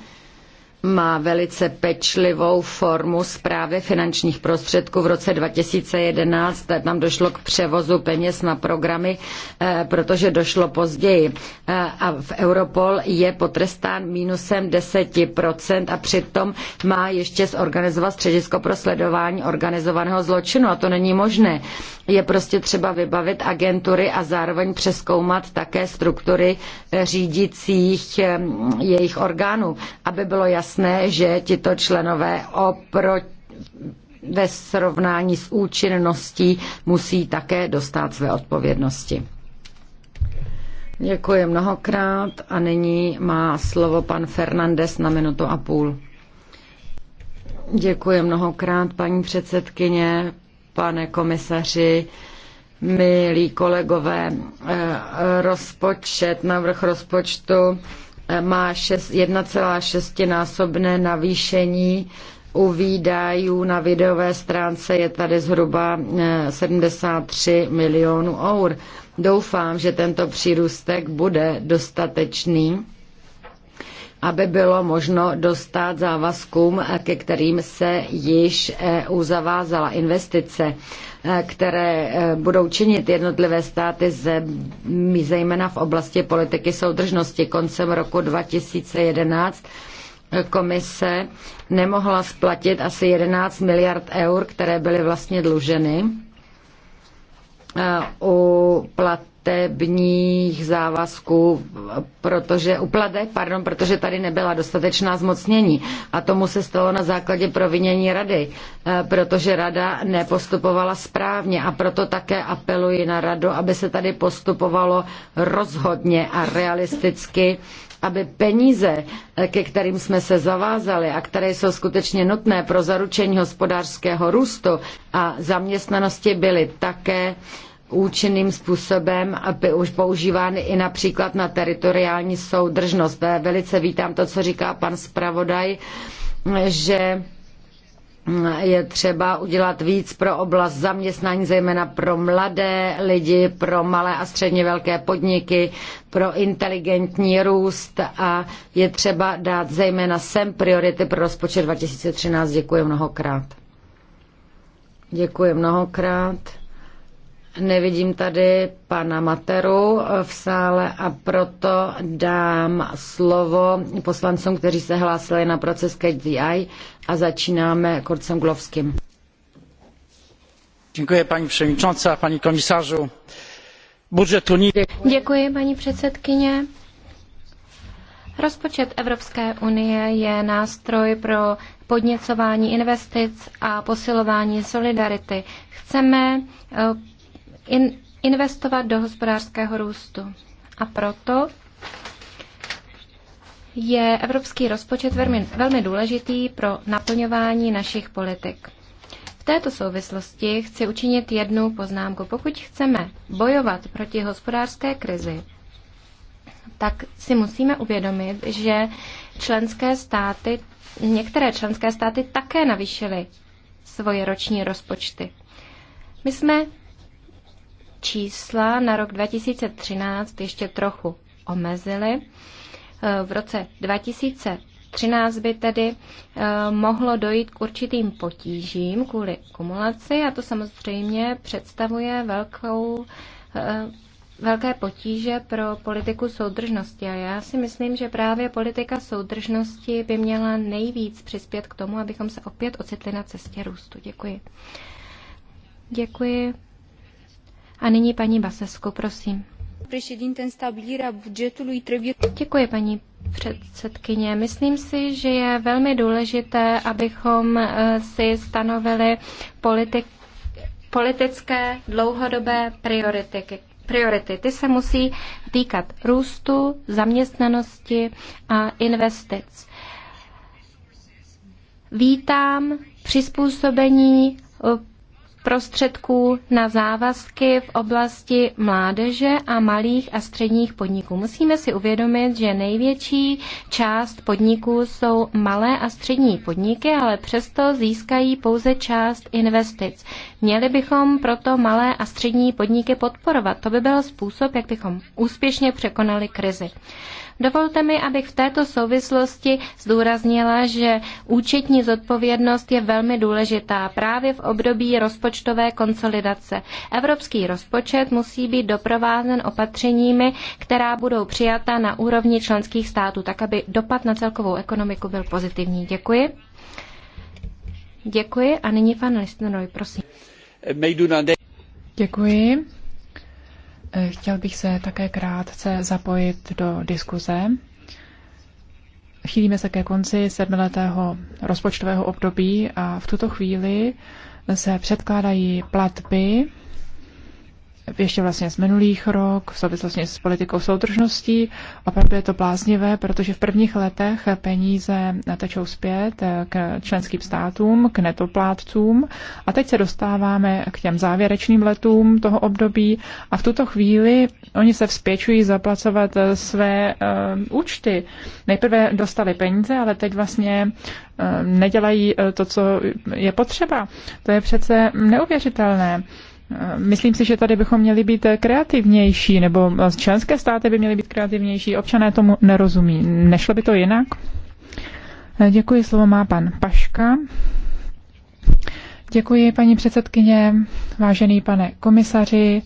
má velice pečlivou formu zprávy finančních prostředků. V roce 2011 tam došlo k převozu peněz na programy, eh, protože došlo později. Eh, a v Europol je potrestán mínusem 10% a přitom má ještě zorganizovat středisko pro sledování organizovaného zločinu a to není možné. Je prostě třeba vybavit agentury a zároveň přeskoumat také struktury eh, řídících jejich orgánů, aby bylo jasné, jasné, že tito členové oproti ve srovnání s účinností musí také dostat své odpovědnosti. Děkuji mnohokrát a nyní má slovo pan Fernandez na minutu a půl. Děkuji mnohokrát, paní předsedkyně, pane komisaři, milí kolegové. Eh, rozpočet, návrh rozpočtu má 1,6 násobné navýšení u výdajů na videové stránce je tady zhruba 73 eh, milionů eur. Doufám, že tento přírůstek bude dostatečný aby bylo možno dostat závazkům, ke kterým se již EU zavázala investice, e, které e, budou činit jednotlivé státy zejména v oblasti politiky soudržnosti koncem roku 2011 komise nemohla splatit asi 11 miliard eur, které byly vlastně dluženy e, u plat platebních závazků, protože, u pardon, protože tady nebyla dostatečná zmocnění. A tomu se stalo na základě provinění rady, eh, protože rada nepostupovala správně a proto také apeluji na radu, aby se tady postupovalo rozhodně a realisticky aby peníze, eh, ke kterým jsme se zavázali a které jsou skutečně nutné pro zaručení hospodářského růstu a zaměstnanosti, byly také uh, účinným způsobem už používány i například na teritoriální soudržnost. Velice vítám to, co říká pan zpravodaj, že je třeba udělat víc pro oblast zaměstnání, zejména pro mladé lidi, pro malé a středně velké podniky, pro inteligentní růst a je třeba dát zejména sem priority pro rozpočet 2013. Děkuji mnohokrát. Děkuji mnohokrát. Nevidím tady pana Materu v sále a proto dám slovo poslancům, kteří se hlásili na proces KDI a začínáme Kurcem Glovským. Děkuji, paní předsedající, paní komisařu. Budžet Unii... Děkuji, paní předsedkyně. Rozpočet Evropské unie je nástroj pro podněcování investic a posilování solidarity. Chceme eh, in, investovat do hospodářského růstu. A proto je evropský rozpočet velmi, velmi důležitý pro naplňování našich politik. V této souvislosti chci učinit jednu poznámku. Pokud chceme bojovat proti hospodářské krizi, tak si musíme uvědomit, že členské státy, některé členské státy také navýšily svoje roční rozpočty. My jsme čísla na rok 2013 ještě trochu omezily. Eh, v roce 2013 by tedy eh, mohlo dojít k určitým potížím kvůli kumulaci a to samozřejmě představuje velkou eh, velké potíže pro politiku soudržnosti a já si myslím, že právě politika soudržnosti by měla nejvíc přispět k tomu, abychom se opět ocitli na cestě růstu. Děkuji. Děkuji a nyní paní Basesku, prosím. Děkuji, paní předsedkyně. Myslím si, že je velmi důležité, abychom eh, si stanovili politik, politické dlouhodobé priority, priority. Ty se musí týkat růstu, zaměstnanosti a investic. Vítám přizpůsobení eh, prostředků na závazky v oblasti mládeže a malých a středních podniků. Musíme si uvědomit, že největší část podniků jsou malé a střední podniky, ale přesto získají pouze část investic. Měli bychom proto malé a střední podniky podporovat. To by byl způsob, jak bychom úspěšně překonali krizi. Dovolte mi, abych v této souvislosti zdůraznila, že účetní zodpovědnost je velmi důležitá právě v období rozpočtové konsolidace. Evropský rozpočet musí být doprovázen opatřeními, která budou přijata na úrovni členských států, tak aby dopad na celkovou ekonomiku byl pozitivní. Děkuji. Děkuji a nyní pan Listenroy, prosím. Děkuji. Chtěl bych se také krátce zapojit do diskuze. Chýlíme se ke konci sedmiletého rozpočtového období a v tuto chvíli se předkládají platby ještě vlastně z minulých rok v souvislosti s politikou soudržností. Opravdu je to bláznivé, protože v prvních letech peníze tečou zpět k členským státům, k netoplátcům a teď se dostáváme k těm závěrečným letům toho období a v tuto chvíli oni se vzpěčují zaplacovat své uh, účty. Nejprve dostali peníze, ale teď vlastně uh, nedělají eh, to, co je potřeba. To je přece neuvěřitelné. Eh, myslím si, že tady bychom měli být eh, kreativnější, nebo eh, členské státy by měly být kreativnější. Občané tomu nerozumí. Nešlo by to jinak? Děkuji, slovo má pan Paška. Děkuji, paní předsedkyně, vážený pane komisaři.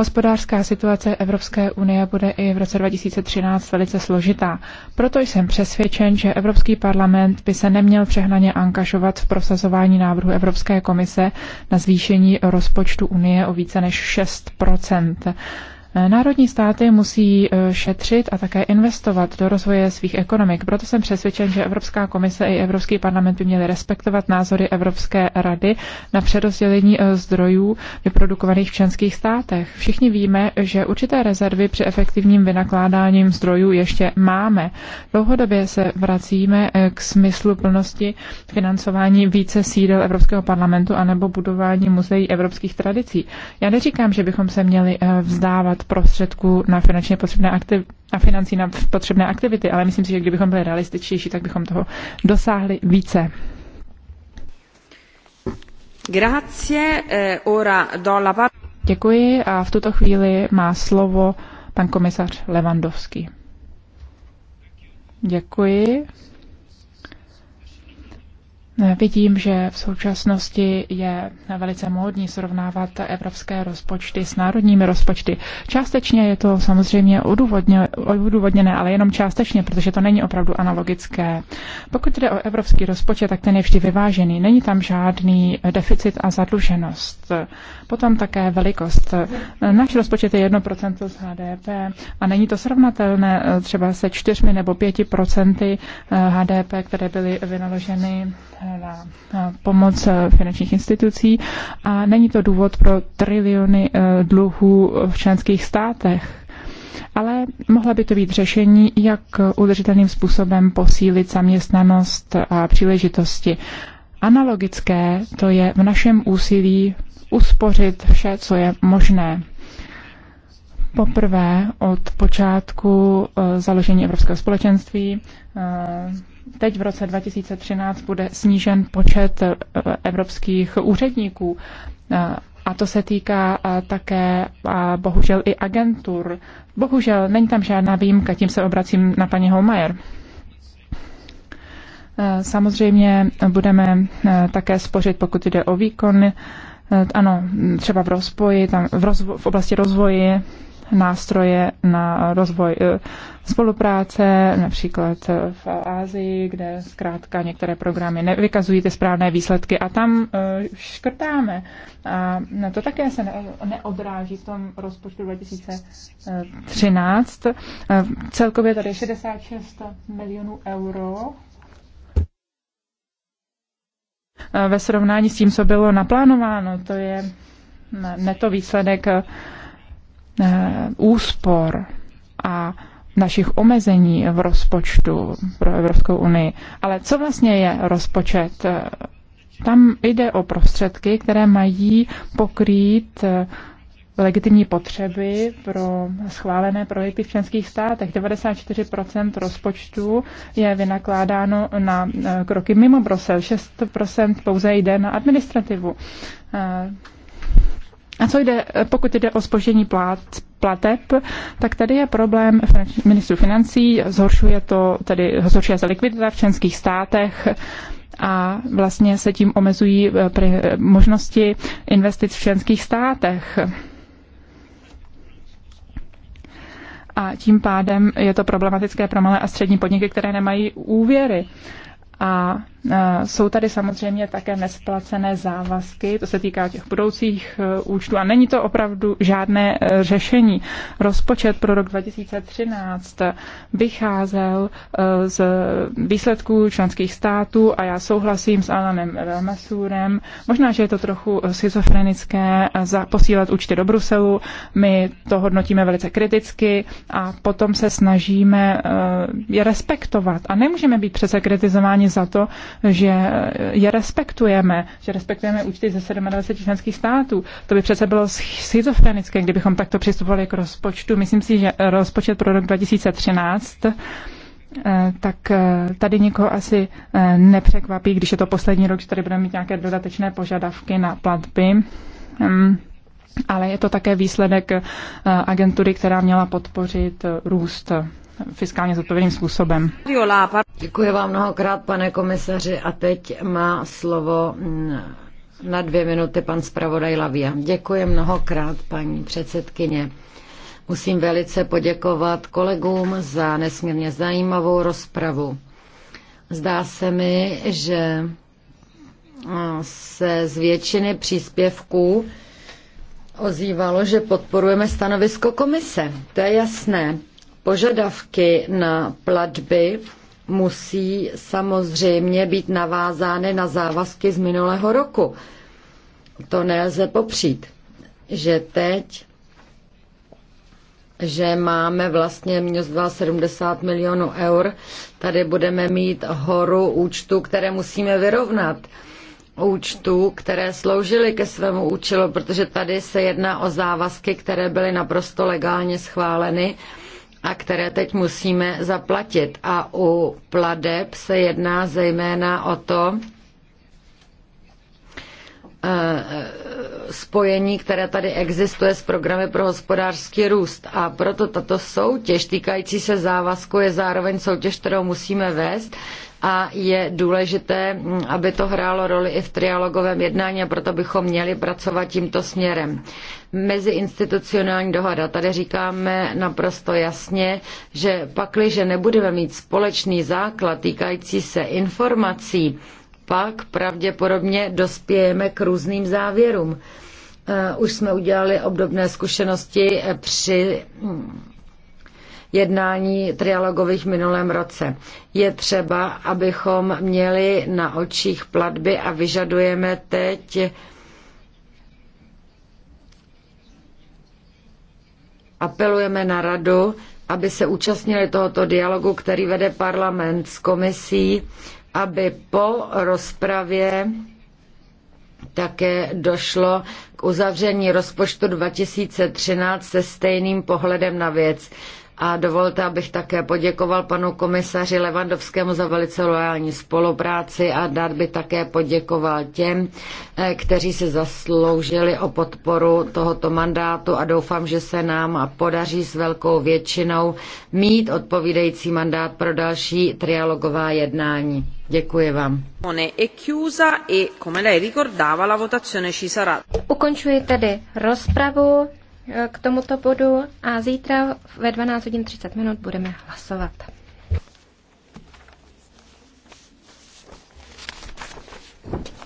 Hospodářská situace Evropské unie bude i v roce 2013 velice složitá. Proto jsem přesvědčen, že Evropský parlament by se neměl přehnaně angažovat v prosazování návrhu Evropské komise na zvýšení rozpočtu unie o více než 6 Eh, národní státy musí eh, šetřit a také investovat do rozvoje svých ekonomik. Proto jsem přesvědčen, že Evropská komise i Evropský parlament by měly respektovat názory Evropské rady na přerozdělení eh, zdrojů vyprodukovaných v členských státech. Všichni víme, že určité rezervy při efektivním vynakládáním zdrojů ještě máme. Dlouhodobě se vracíme k smyslu plnosti financování více sídel Evropského parlamentu anebo budování muzeí evropských tradicí. Já neříkám, že bychom se měli vzdávat dostatek prostředků na finančně potřebné aktiv, na financí na potřebné aktivity, ale myslím si, že kdybychom byli realističtější, tak bychom toho dosáhli více. Grazie, eh, ora do la Děkuji a v tuto chvíli má slovo pan komisař Levandovský. Děkuji. Vidím, že v současnosti je velice módní srovnávat evropské rozpočty s národními rozpočty. Částečně je to samozřejmě odůvodněné, ale jenom částečně, protože to není opravdu analogické. Pokud jde o evropský rozpočet, tak ten je vždy vyvážený. Není tam žádný deficit a zadluženost. Potom také velikost. Náš rozpočet je 1% z HDP a není to srovnatelné eh, třeba se 4 nebo 5% eh, HDP, které byly vynaloženy eh, na pomoc eh, finančních institucí a není to důvod pro triliony eh, dluhů v členských státech. Ale mohla by to být řešení, jak udržitelným způsobem posílit zaměstnanost a příležitosti. Analogické to je v našem úsilí uspořit vše, co je možné. Poprvé od počátku eh, založení Evropského společenství teď v roce 2013 bude snížen počet eh, evropských úředníků. Eh, a to se týká eh, také bohužel i agentur. Bohužel není tam žádná výjimka, tím se obracím na paní Holmajer. Samozřejmě budeme také spořit, pokud jde o výkon. Ano, třeba v rozvoji, tam v, rozvo- v oblasti rozvoje nástroje na rozvoj eh, spolupráce, například eh, v Ázii, kde zkrátka některé programy nevykazují ty správné výsledky a tam eh, škrtáme. A to také se neodráží v tom rozpočtu 2013. Celkově tady 66 milionů euro ve srovnání s tím, co bylo naplánováno. To je neto výsledek Eh, úspor a našich omezení v rozpočtu pro Evropskou unii. Ale co vlastně je rozpočet? Eh, tam jde o prostředky, které mají pokrýt eh, legitimní potřeby pro schválené projekty v členských státech. 94% rozpočtu je vynakládáno na kroky mimo Brusel, 6% pouze jde na administrativu. A co jde, pokud jde o spožení plat, plateb, tak tady je problém ministru financí, zhoršuje to, tedy zhoršuje se likvidita v členských státech a vlastně se tím omezují eh, možnosti investic v členských státech. A tím pádem je to problematické pro malé a střední podniky, které nemají úvěry. A jsou tady samozřejmě také nesplacené závazky, to se týká těch budoucích e, účtů a není to opravdu žádné e, řešení. Rozpočet pro rok 2013 vycházel e, z výsledků členských států a já souhlasím s Alanem Velmasurem. Možná, že je to trochu schizofrenické posílat účty do Bruselu, my to hodnotíme velice kriticky a potom se snažíme je respektovat a nemůžeme být přece kritizováni za to, že je respektujeme, že respektujeme účty ze 27 členských států. To by přece bylo schizofrenické, kdybychom takto přistupovali k rozpočtu. Myslím si, že rozpočet pro rok 2013 eh, tak eh, tady nikoho asi eh, nepřekvapí, když je to poslední rok, že tady budeme mít nějaké dodatečné požadavky na platby. Hm. Ale je to také výsledek agentury, která měla podpořit růst fiskálně zodpovědným způsobem. Děkuji vám mnohokrát, pane komisaři, a teď má slovo na dvě minuty pan zpravodaj Lavia. Děkuji mnohokrát, paní předsedkyně. Musím velice poděkovat kolegům za nesmírně zajímavou rozpravu. Zdá se mi, že se z většiny příspěvků ozývalo, že podporujeme stanovisko komise. To je jasné. Požadavky na platby musí samozřejmě být navázány na závazky z minulého roku. To nelze popřít, že teď že máme vlastně minus 70 milionů eur. Tady budeme mít horu účtů, které musíme vyrovnat. Účtů, které sloužily ke svému účelu, protože tady se jedná o závazky, které byly naprosto legálně schváleny a které teď musíme zaplatit. A u pladeb se jedná zejména o to, eh, spojení, které tady existuje s programy pro hospodářský růst. A proto tato soutěž týkající se závazku je zároveň soutěž, kterou musíme vést a je důležité, aby to hrálo roli i v trialogovém jednání a proto bychom měli pracovat tímto směrem. Meziinstitucionální dohoda. Tady říkáme naprosto jasně, že pakliže nebudeme mít společný základ týkající se informací, pak pravděpodobně dospějeme k různým závěrům. Eh, už jsme udělali obdobné zkušenosti eh, při mm, jednání trialogových minulém roce. Je třeba, abychom měli na očích platby a vyžadujeme teď apelujeme na radu, aby se účastnili tohoto dialogu, který vede parlament s komisí aby po rozpravě také došlo k uzavření rozpočtu 2013 se stejným pohledem na věc. A dovolte, abych také poděkoval panu komisaři Levandovskému za velice loajální spolupráci a dát by také poděkoval těm, eh, kteří se zasloužili o podporu tohoto mandátu a doufám, že se nám podaří s velkou většinou mít odpovídající mandát pro další trialogová jednání. Děkuji vám. Ukončuji tedy rozpravu k tomuto bodu a zítra ve 12 hodin 30 minut budeme hlasovat.